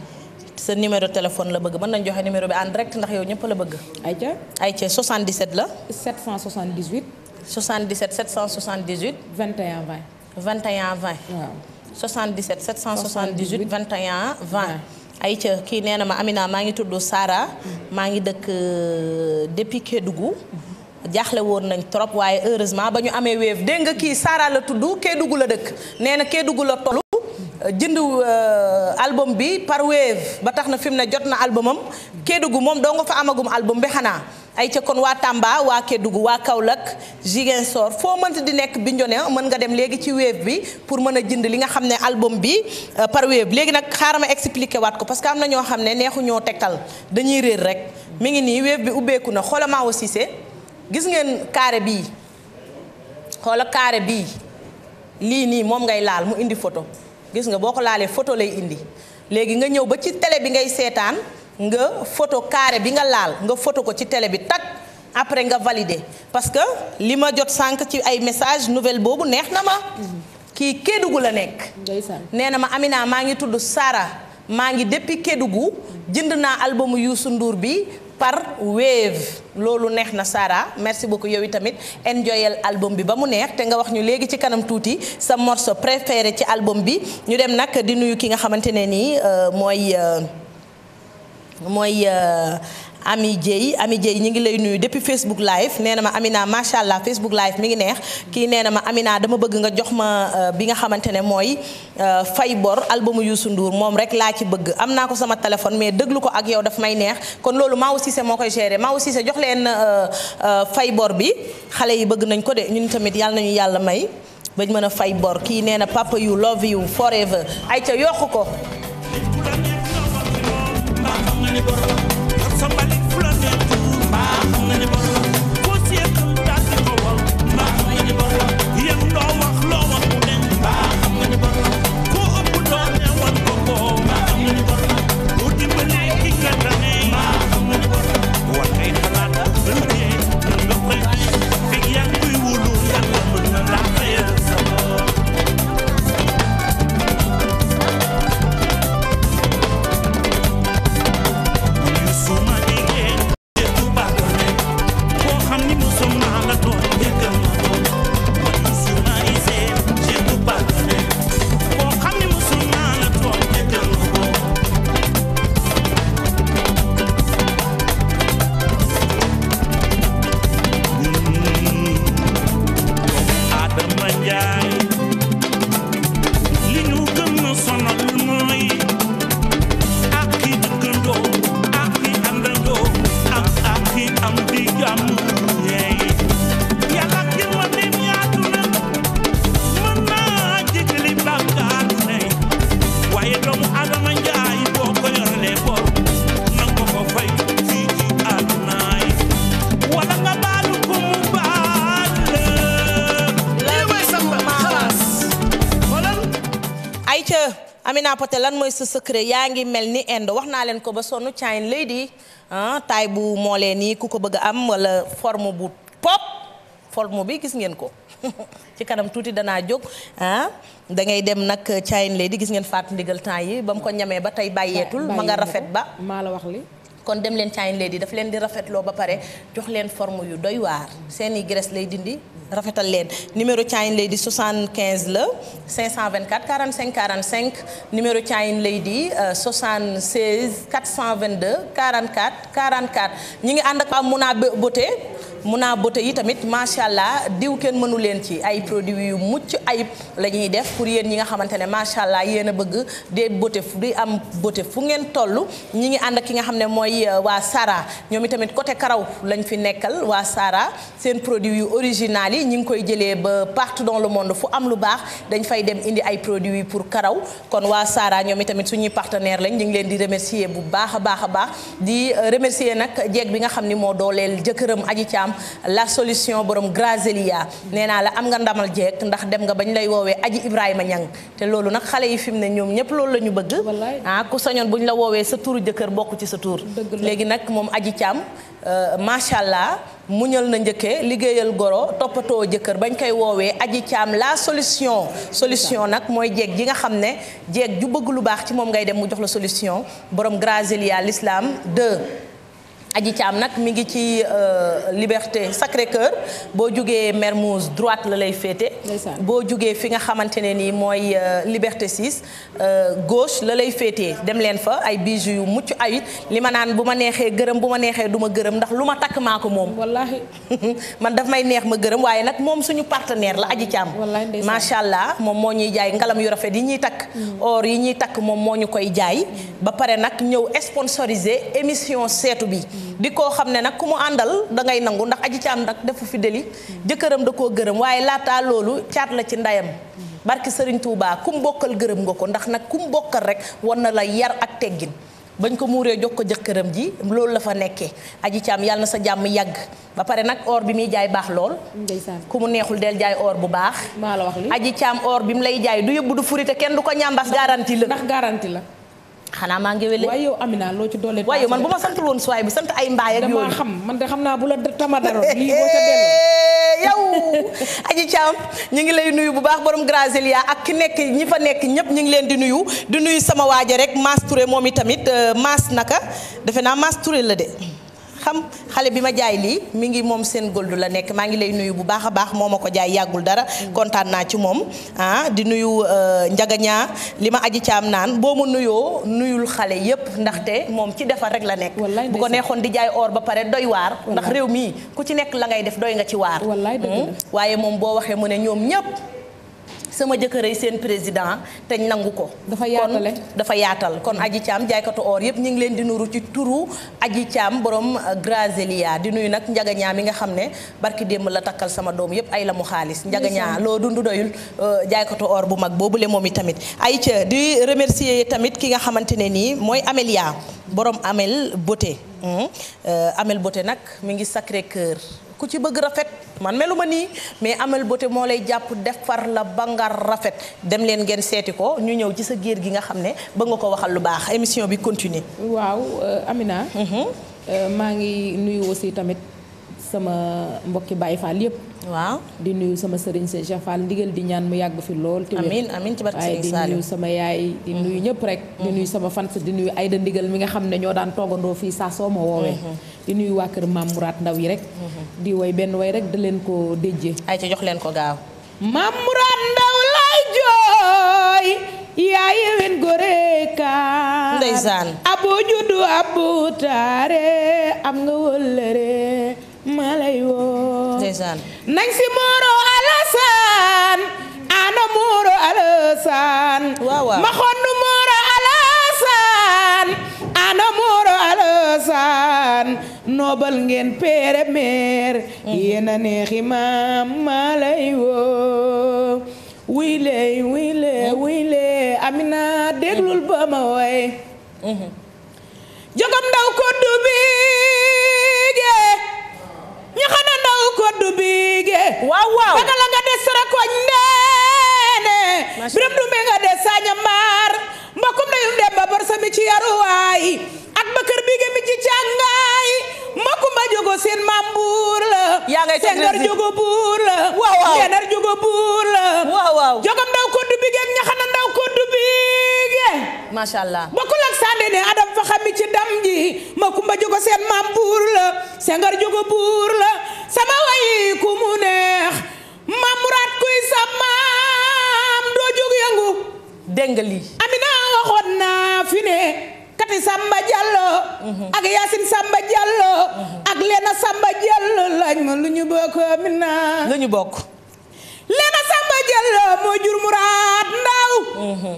sa numéro téléphone la bëgg mën nañ joxe numéro bi en direct ndax yow ñëpp la bëgg ayca ayca 77 la 778 77 778. 21 20. 21 20. waaw 77 778. 21 20. ayca kii nee na ma Amina maa ngi tudd saara maa ngi dëkk euh, depuis Kédougou. jaaxle woon nañ trop waaye heureusement ba ñu amee Wave dégg nga kii Sara la tudd Kédougou la dëkk nee na Kédougou la tollu. jënd euh, album bi par Wave ba tax na fi mu ne jot na albumam. Kédougou moom doo nga fa amagum album bi xanaa. ay ca kon waa Tamba waa Kédougou waa Kaolack Ziguinchor foo mënta di nekk Bignona mën nga dem léegi ci Wave bi pour mën a jënd li nga xam ne album bi euh, par Wave léegi nag xaaral ma expliqué waat ko parce que am na ñoo xam ne neexu ñoo tegtal dañuy réer rek mu ngi nii Wave bi ubbeeku na xoola Maodo Cissé gis ngeen carré bii xoola carré bi lii nii moom ngay laal mu indi photo gis nga boo ko laalee photo lay indi léegi nga ñëw ba ci télé bi ngay seetaan nga foto carré bi nga laal nga photo ko ci télé bi tag après nga validé parce que li ma jot sànq ci ay message nouvelle boobu neex na ma kii gu la nekk nee na ma Amina maa ngi tudd Sara maa ngi depuis gu jënd naa albumu Youssou nduur bi par wave loolu neex na Sara merci beaucoup yow tamit enjoyal album bi ba mu neex te nga wax ñu léegi ci kanam tuuti sa morceau préféré ci album bi ñu dem nag di nuyu ki nga xamante ne nii euh, mooy euh, mooy euh, Ami Dieye Ami Dieye ñu ngi lay nuyu depuis Facebook live nee na ma Amina macha allah Facebook live mi ngi neex kii nee na ma Amina dama bëgg nga jox ma euh, bi nga xamante ne mooy euh, fay bor albumu Youssou Ndour moom rek laa ci bëgg am naa ko sama téléphone mais déglu ko ak yow dafa may neex kon loolu Maaou Cissé moo koy gérer Maaou Cissé jox leen fay bor bi xale yi bëgg nañ ko de ñu tamit yàlla nañu yàlla may bañ mën a fay bor kii nee na papa you love you forever ayca yokk ko. ni borom lan mooy sa secret yaa ngi mel ni Inde wax naa leen ko ba sonn Chine lady ah, taay bu moo leen nii ku ko bëgg am wala forme bu pop forme bi gis ngeen ko ci kanam tuuti danaa jóg ah da ngay dem nag Chine lady gis ngeen faat ndigal temps yi ba mu ko ñamee ba tey bàyyeetul ma nga rafet ba maa wax li kon dem leen Chinese Lady daf leen di rafetloo ba pare jox leen forme yu doy waar seeni graisse lay dindi rafetal leen numéro Chinese Lady 75 la 524 45 45 numéro Chinese Lady 76 422 44 44 ñi ngi ànd ak waa Muna Beauté Muna Beauté yi tamit macha allah diw kenn mënu leen ci ay produits yu mucc ayib la ñuy def pour yéen ñi nga xamante ne macha allah yéen a bëgg des beauté di am beauté fu ngeen toll ñi ngi ànd ki nga xam ne mooy euh, waa Sara ñoom itamit côté karaw lañ fi nekkal waa Sara seen produits yu original yi ñi ngi koy jëlee ba partout dans le monde fu am lu baax dañ fay dem indi ay produits yi pour karaw kon waa Sara ñoom itamit suñuy partenaire lañ ñu ngi leen di remercier bu baax a baax a baax di euh, remercier nag jeeg bi nga xam ni moo dooleel jëkkëram aji caam la solution borom Grazelia nee naa la am nga ndamal jeeg ndax dem nga bañ lay woowee aji Ibrahima Niang te loolu nag xale yi fi mu ne ñoom ñëpp loolu la ñu bëgg ah ku sañoon ñu la woowee sa tuuru jëkkër bokk ci sa tuur léegi nag moom aji Thiam euh, macha allah muñal na njëkkee liggéeyal goro toppatoo jëkkër bañ koy woowee aji caam la solution solution nag mooy jeeg ji nga xam ne jeeg ju bëgg lu baax ci moom ngay dem mu jox la solution borom Grazelia l'islam 2 Adji Thiam nag mi ngi ci euh, Liberté Sacré-Cœur boo jógee Mermoz droite la lay féete boo jógee fi nga xamante ne nii mooy euh, Liberté 6 euh, gauche la lay féetee dem leen fa ay bijoux yu mucc ayit li ma naan bu ma neexee gërëm bu ma neexee duma gërëm ndax lu ma takk maa ko moom wallaahi man daf may neex ma gërëm waaye nag moom suñu partenaire la Adji Thiam macha allah moom moo ñuy jaay ngalam yu rafet yi ñuy takk mm. or yi ñuy takk moom moo ñu koy jaay mm. ba pare nag ñëw sponsoriser émission seetu bi di koo xam ne nag ku mu àndal da ngay nangu ndax aji caam nag defu fi deli jëkkëram da koo gërëm waaye laataa loolu caat la ci ndeyam barki sëriñ Touba ku mu bokkal gërëm nga ko ndax nag ku mu bokkal rek war na la yar ak teggin bañ ko muuree jox ko jëkkëram ji loolu la fa nekkee aji caam yàlla sa jàmm yàgg ba pare nag oor bi muy jaay baax lool ku mu neexul del jaay or bu baax maa la wax li aji caam or bi mu lay jaay du yóbbu du furite kenn du ko ñàmbas garanti l ndax garanti la xanaa maa ngi wele waaye yow Amina loo ci doole. waaye man bu ma sant woon suwaay bi sant ay mbaay ak yooyu. damaa xam man de xam bu la tama daroon lii eh, yow Aji Thiam ñu ngi lay nuyu bu baax borom Grazilia ak ki nekk ñi fa nekk ñëpp ñu ngi leen di nuyu di nuyu sama waaja rek Mass Touré moom itamit eh, Mass naka defe naa Mass Touré la de. xam xale bi ma jaay lii mi ngi moom seen gold la nekk maa ngi lay nuyu bu baax a baax moo ma ko jaay yàggul dara kontaan naa ci moom ah di nuyu euh, njagañaa li ma aji am naan boo ma nuyoo nuyul xale yépp ndaxte moom ci defar rek la nekk bu ko neexoon di jaay or ba pare doy waar ndax réew mii ku ci nekk la ngay def doy nga ci waar hmm? waaye moom boo waxee mu ne ñoom ñépp sama jëkkër jëkkëray seen président teñ nangu ko. dafa yaatale kon dafa yaatal kon aji caam jaaykatu or yëpp ñu ngi leen di nuru ci turu aji caam borom graselia di nuyu nag njagañaa mi nga xam ne barki démb la takkal sama doom yëpp ay la mu xaalis. njagañaa loo dundu doyul euh, jaaykatu or bu mag la moom yi tamit. ayca di remercier tamit ki nga xamante ne nii mooy Amélia boroom Amel Beauté. Hmm? Euh, Amel Beauté nag mi ngi Sacré Cœur ku ci bëgg rafet. man meluma nii mais Amel Beauté moo lay jàpp defar la ba nga rafet dem leen ngeen seeti ko ñu ñëw ci sa géer gi nga xam ne ba nga ko waxal lu baax émission bi continuer waaw euh, Amina mhm. euh, maa ngi nuyu aussi tamit sama mbokki Baye Fall yëpp. di nuyu sama sëriñ sa Cheikh Fall ndigal di ñaan mu yàgg fi lool. te amiin amiin ci barke di nuyu sama yaay. di nuyu mm-hmm. ñëpp rek. di mm-hmm. nuyu sama fans di nuyu Aïda ndigal mi nga xam ne ñoo daan toogandoo fii saa soo ma woowee. Mm-hmm. di nuyu waa kër Maam Mourad Ndaw yi rek. di woy benn woy rek da leen ko déjjee. ay ca jox leen ko gaaw. Maam Mourad Ndaw lay jooy. yaa yeween gore ka. nga wëllëre ma lay woo. ndeysaan nañ si Moro Alassane ana Moro Alassane. ma xonn Moro Alassane ana Moro Alassane noobal ngeen pere meer. Mm. yéen neexi maam ma lay woo. wile wile mm. wile Amina déglul ba ma way. Mm-hmm. jogam ndaw ko du bige ñi xana ndaw ko du biige waaw waaw bagala nga des sara koñ ndeene du mbee nga des saña maar mbokkum ndeyum demba borsa mi ci yaruwaay ak ba kër bi mi ci càngaay mbokkumba jogo seen maam buur la sengar jogo buur la senar ndaw koddu bi géen ñaxana ndaw koddu bi macha allah bokkul ak sànni ne adam fa xami ci dam ji makumba jogo seen maam buur la sengar jogo buur la sama wayi mu neex mamuraat kuy sa maam doo jóg yangu dégg nga lii Amina waxoon naa fi ne kati Samba Diallo mhm. ak Yacine Samba Diallo mhm. ak Lena Samba Diallo laaj ma lu ñu bokk Amina lu ñu bokk Lena Samba Diallo moo jur Mourad Ndaw mhm.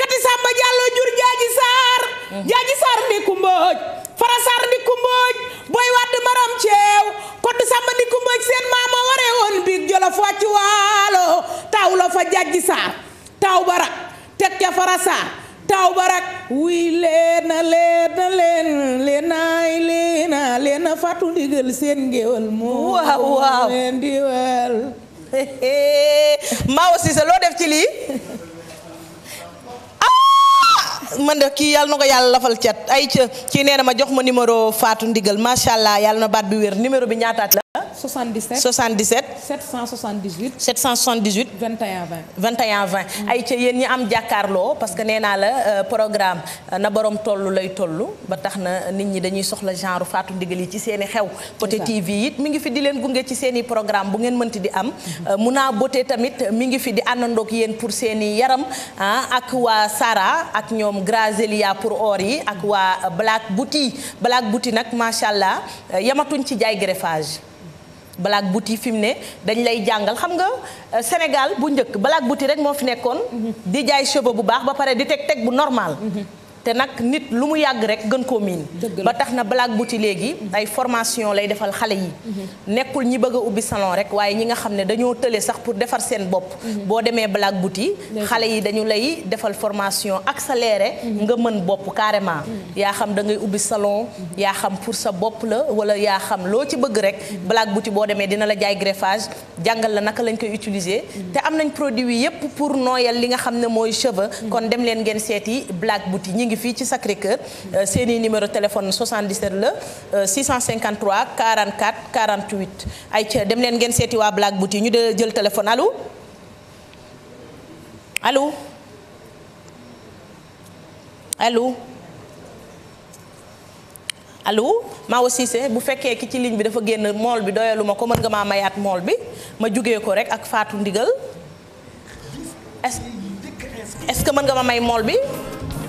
kati Samba Diallo jur Jaaji Saar Jaaji Saar ndi kumbooj Fara Saar ndi kumbooj Boy Wadd Maram Ceew Koddu Samba ndi kumbooj seen maama waree woon biig Jolof wàcc waalo taaw la fa Jaaji Saar taw barak teg ca farasa taw barak wuy leena leena leen leenaay leena fatu ndigal seen ngéwal moo waaw waaw leen diwal sa loo def ci lii ah! man de kii yàlla na ko yàlla lafal cat ay ca kii nee na ma jox ma numéro Fatou Ndigal macha allah yàlla na baat bi wér numéro bi ñaataat la 77 77. 778. 778. 21 20. 21 20 ay ca yéen ñi am jàkkaarloo parce que nee naa la euh, programme euh, na boroom toll lay toll ba tax na nit ñi dañuy soxla genre Fatou Ndigal yi ci seeni i xew. côté TV it mi ngi fi di leen gunge ci seeni i programme bu ngeen mënti di am. Mm-hmm. Euh, Mouna Beauté tamit mi ngi fi di àndandoog yéen pour seen i yaram ah, ak waa Sara ak ñoom Grazelia pour or yi ak waa Black Beauty Black Beauty nag macha allah yamatuñ ci jaay greffage. Black Beauty fi mu ne dañ lay jàngal xam nga euh, Sénégal bu njëkk Black Beauty rek moo fi nekkoon. Mhm. di jaay cheveux bu baax ba pare di teg teg bu normal. Mhm. te nag nit lu mu yàgg rek gën koo miin ba tax na blague boutique léegi ay formation lay defal xale yi mm-hmm. nekkul ñi bëgg ubbi salon rek waaye ñi nga xam ne dañoo tële sax pour defar seen bopp mm-hmm. boo demee blague boutique xale yi dañu lay defal formation accélérée mm-hmm. nga mën bopp carrément yaa xam da ngay ubbi salon yaa xam pour sa bopp la wala yaa xam loo ci bëgg rek blague boutique boo demee dina la jaay greffage jàngal la naka lañ koy utiliser te am nañ produit yépp pour nooyal li nga xam ne mooy cheveux kon dem leen ngeen seeti blague boutique ñi ngi fii ci Sacré euh, seeni seen i numéro téléphone 77 la 653 44 48 ay ca dem leen ngeen seeti waa Black Beauty ñu de jël téléphone allo allo allo allo Maodo Cissé bu fekkee ki ci ligne bi dafa génn mool bi doyaluma ko mën nga maa mayaat mool bi ma jugee ko rek ak Fatou Ndigal est-ce que mën nga ma may mool bi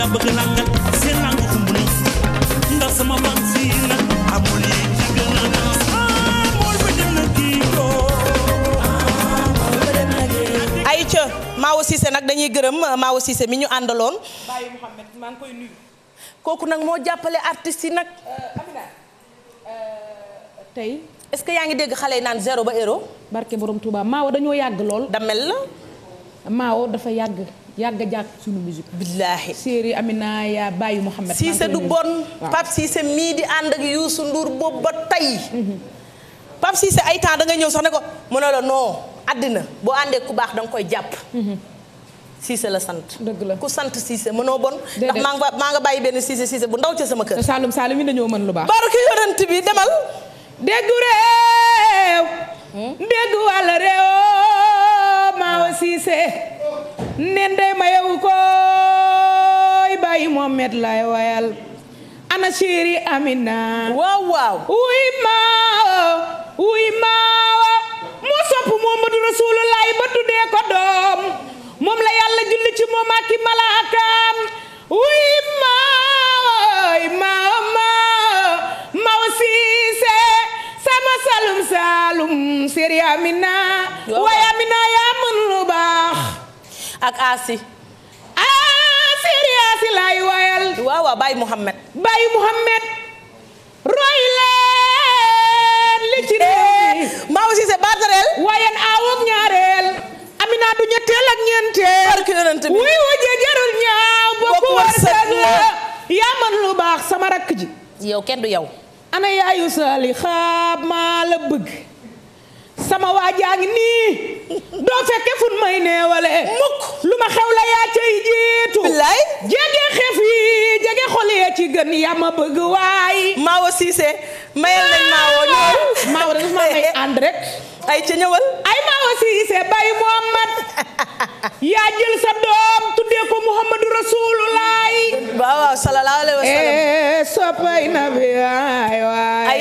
la bëgg na ay ca Maawo Cissé nag dañuy gërëm euh, Maawo Cissé mi ñu àndaloon kooku nag moo jàppale artistes yi nag euh, euh, tey est-ce que yaa ngi dégg xale yi naan zéro ba héros barke borom Touba Maawo dañoo yàgg lool damel la Maawo dafa yàgg yàgg a jàkk sunu musique. billaahi séeri Amina yaa bàyyi Mouhamed. Cissé du bon Pape Cissé mii di ànd ak Youssou Ndour boobu ba tey. Pape Cissé ay temps da nga ñëw sax ne ko mu la non àddina boo àndee ku baax da koy jàpp. Cissé mhm. la sant. dëgg la ku sant Cissé mënoo bon. ndax maa nga maa nga bàyyi benn Cissé Cissé bu ndaw ca sama kër. te Saalum Saalum yi dañoo mën lu baax. barke yonent bi demal. déggu réew. Hmm? dégg wàll réew. maa wa nen day ma yow koy bàyyi Mohamed lay wayal ana chéri Amina waaw wuy maawo wuy maawo moo sopp Muhammadu Rasulullahi ba tuddee ko doom moom la yàlla julli ci moom ak i wuy maawo maawo maawo maawo sama salum salum chéri Amina way Amina yaa ak aasi aasiri aasi laay wayal waaw waaw Baye Mouhamed Baye roy leen li ci réew maa aussi baatareel wayan aawoog ñaareel amina ñetteel ak ñeenteel barke yonent bi wuy wajee jarul ñaaw bokk wërsëg yaa man lu baax sama rakk ji yow kenn du yow ana yaayu saali xaab maa la bëgg sama waajaa ngi nii doo fekke fun may neewale mukk lu ma xew la yaa cay jiitu billaay xef yi jege xol ya ci gën yaa bëgg waay maawo siise mayal nañ maawo ñoom maawo dafa ma may ànd rek ay ca ñëwal ay maawa siise bàyyi muhammad yaa jël sa doom tuddee ko muhammadu rasulullah waaw waaw sallallahu alayhi wa sallam eh, soppay nabi waay waay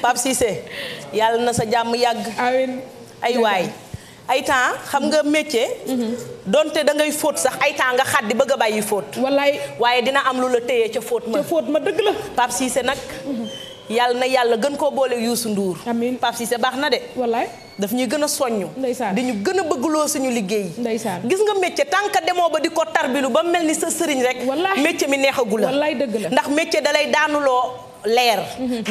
ay na sa jàmm yàgg ay waay ay temps xam nga métier. Mhm. donte da ngay fóot sax ay temps nga xaddi bëgg a bàyyi fóot. wallaay waaye dina am lu la téye ca fóot ma. ca fóot ma dëgg la Pape Cissé nag. Mhm. yàlla na yàlla gën koo boole Youssou Ndour amiin Pape Cissé baax na de wallaay daf ñuy gën a soññu di ñu gën a bëggloo suñu liggéey ndeysaan gis nga métier tant que demoo ba di ko tarbilu ba mel ni sa sëriñ rek métier mi neexagula wallaay dëgg la ndax métier dalay daanuloo leer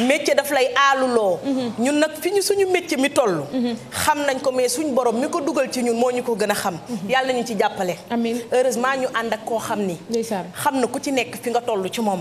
métier daf lay aaluloo ñun nag fi ñu suñu métier mi toll xam nañ ko mais suñ borom mi ko dugal ci ñun moo ñu ko gën a xam yàlla ñu ci jàppale amiin heureusement ñu ànd ak koo xam ni xam na ku ci nekk fi nga toll ci moom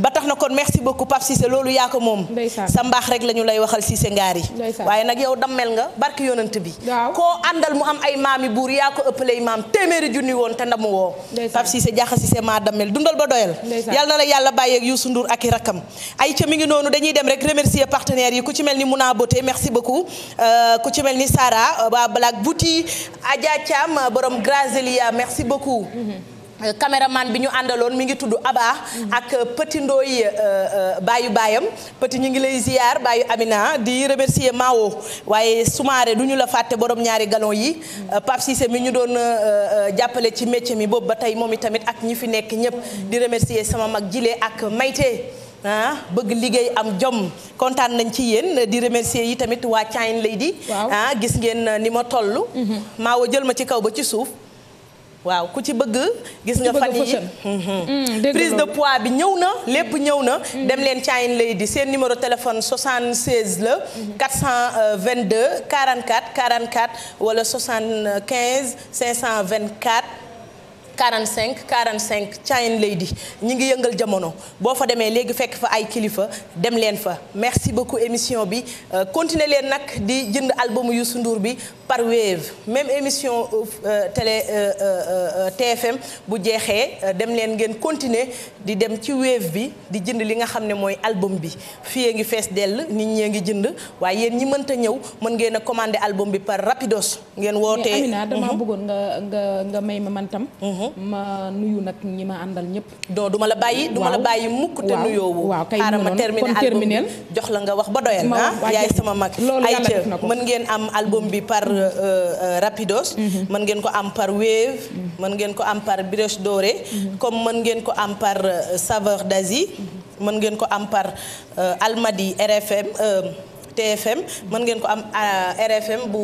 ba tax na kon merci beaucoup Pape Cissé loolu yaa ko moom sa mbaax rek lañu lay waxal Cissé ngaar yi waaye nag yow dammel nga barki yonant bi koo àndal mu am ay maami buur yaa ko ëppalay maam téeméeri junni woon te ndamu woo Pape Cissé jaxa Cissé maa dammel dundal ba doyal yàlla na la yàlla bàyyeeg Youssou Ndour ak rakkam ay ca mi ngi noonu dañuy dem rek remercier partenaires yi ku ci mel ni Mouna Boté merci beaucoup euh, ku ci mel ni Sarah euh, waa Black Beauty Adja Thiam euh, borom Grazelia merci beaucoup. caméraman bi ñu àndaloon mi ngi tudd Aba ak Petit Ndoy baayu baayam Petit ñu ngi lay ziar baayu Amina di remercier Mao waaye Soumaré du ñu la fàtte borom ñaari galon yi Pape Cissé mi ñu doon jàppale ci métier mi boobu ba tey moom itamit ak ñi fi nekk ñëpp di remercier sama mag jilee ak Mayte. Ah, bëgg liggéey am jom kontaan nañ ci yéen di remercier yi tamit waa Chine Lady ah gis ngeen uh, ni ma toll mhm. maawo jël ma ci kaw ba ci suuf waaw ku ci bëgg gis nga fan yi mhm. mm, prise de poids bi ñëw na lépp ñëw na mm. dem leen Chine di seen numéro téléphone 76 la 422 44 44 wala 75 524 45 45 Chain Lady ñi ngi yëngal jamono boo fa demee léegi fekk fa ay kilifa dem leen fa merci beaucoup émission bi euh, continuer leen nag di jënd albumu Youssou Ndour bi par Wave même émission euh, euh, télé euh, TFM bu jeexee dem leen ngeen continuer di dem ci Wave bi di jënd li nga xam ne mooy album bi fii a ngi fees dell nit ñee ngi jënd waaye yéen ñi mënta ñëw mën ngeen a commandé album bi par Rapidos ngeen wootee Amina damaa mhm. bëggoon nga nga nga may ma man tam mhm. ma nuyu nag ñi ma àndal ñëpp non du ma la bàyyi du la bàyyi mukk te nuyoowu xaaral ma terminé jox la nga wax ba doyal ah yaay sama mag ay mën ngeen am album bi par Euh, euh, rapidos mm-hmm. mën ngeen ko am par wave mm-hmm. mën ngeen ko am par brioche dorée mm-hmm. comme mën ngeen ko am par euh, saveur d'Asie mën ngeen ko am par Almadies RFM TFM mën ngeen ko am RFM bu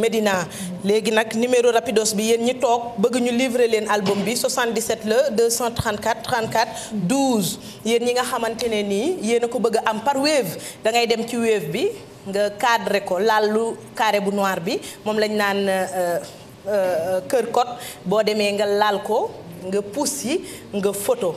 Médina léegi nag numéro rapidos bi yéen ñi toog bëgg ñu livrer leen album bi 77 la 234 34 12 yéen ñi nga xamante ne nii yéen a ko bëgg am par wave da dem ci wave bi nga cadré ko laal lu carré bu noir bi moom lañu naan euh, euh, euh, kër code boo demee nga laal ko nga pousse yi nga photo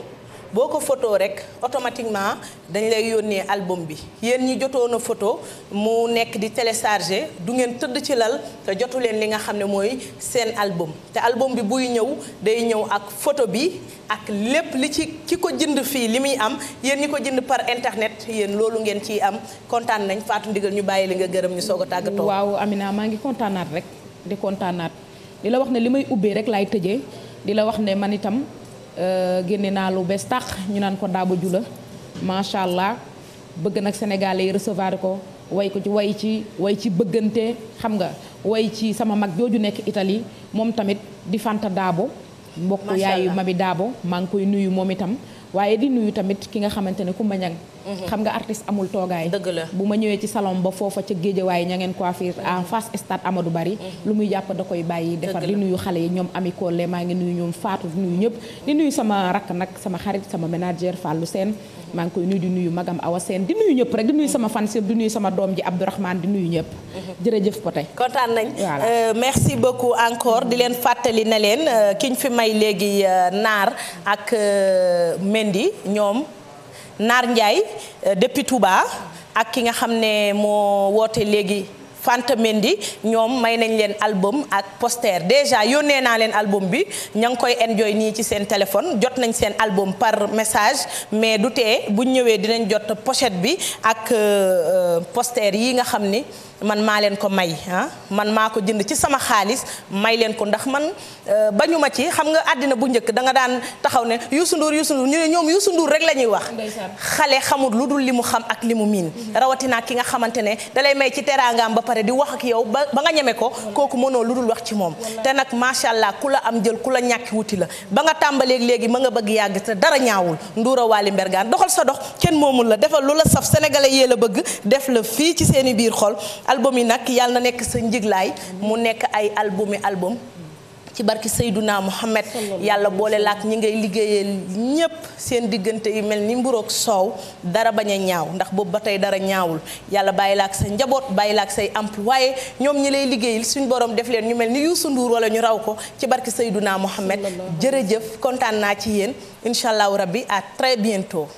boo ko photo rek automatiquement dañ lay yónnee album bi yéen ñi jotoon a photo mu nekk di téléchargé du ngeen tëdd ci lal te jotu leen li nga xam ne mooy seen album te album bi buy ñëw day ñëw ak photo bi ak lépp li ci ki ko jënd fii li muy am yéen ñi ko jënd par internet yéen loolu ngeen ciy am kontaan nañ Fatou Ndigal ñu bàyyi li nga gërëm ñu soog a tàggatoo. waaw Amina maa ngi kontaanaat rek di kontaanaat di la wax ne li may ubbee rek laay tëjee di la wax ne man itam Euh, génne naa lu bees tax ñu naan ko Daba Jula macha allah bëgg nag Sénégalais recevoir ko way ko ci way ci way ci bëggante xam nga way ci sama mag jooju nekk itali moom tamit di Fanta Dabo mbokk yaayu Mami daabo maa ngi koy nuyu moom itam waaye di nuyu tamit ki nga xamante ne Kumba Mhm. xam nga artiste amul toogaay dëgg bu ma ñëwee ci salon ba foofa ca géejawaay ña ngeen coiffure en mhm. face stade Amadou Bari mhm. lu muy jàpp da koy bàyyi defar di nuyu xale yi ñoom Ami Collé maa ngi nuyu ñoom Fatou di nuyu ñëpp di nuyu sama rakk nag sama xarit sama manager Fallou Sène maa ngi koy nuyu di nuyu magam Awa seen di nuyu ñëpp rek di nuyu sama fans di nuyu sama doom ji Abdourahmane di nuyu ñëpp jërëjëf Poté kontaan nañ voilà euh, merci beaucoup encore di leen fàttali na leen euh, ki ñu fi may léegi euh, Naar ak Mendy ñoom Naar Ndiaye euh, depuis Touba ak ki nga xam ne moo woote léegi. Fanta Mendy ñoom may nañ leen album ak poster déjà yónnee naa leen album bi ña ngi koy enjoy nii ci seen téléphone jot nañ seen album par message mais du tee bu ñëwee dinañ jot pochette bi ak euh, euh, poster yi nga xam ni man maa leen ko may ah man maa ko jënd ci sama xaalis may leen ko ndax man euh, bañu ma ci xam nga àddina bu njëkk danga daan taxaw ne Youssou Ndour Youssou Ndour ñu ne ñoom Youssou Ndour rek la ñuy wax xale xamul lu dul li mu xam ak li mu miin mm-hmm. rawatina ki nga di wax ak yow ba ba nga ñeme ko kooku mënoo lu dul wax ci moom te nag macha allah ku la am jël ku la ñàkki wuti la ba nga tàmbaleeg léegi ma nga bëgg yàgg te dara ñaawul nduura waali mbergaan doxal sa dox kenn moomul la defal lu la saf sénégalais yee la bëgg def la fii ci seen i biir xol album yi nag yàlla na nekk sa njiglaay mu nekk ay album yi album ci barki Seydouna Mohamed yàlla boole laak ñi ngay liggéeyee ñépp seen diggante yu mel ni mburook soow dara bañ a ñaaw ndax boobu ba tey dara ñaawul yàlla bàyyi laak sa njaboot bàyyi laak say amp waaye ñoom ñi lay liggéeyil suñ borom def leen ñu mel ni Youssou Ndour wala ñu raw ko ci barki Seydouna Mohamed jëf kontaan naa ci yéen incha allahu rabbi à bien bientôt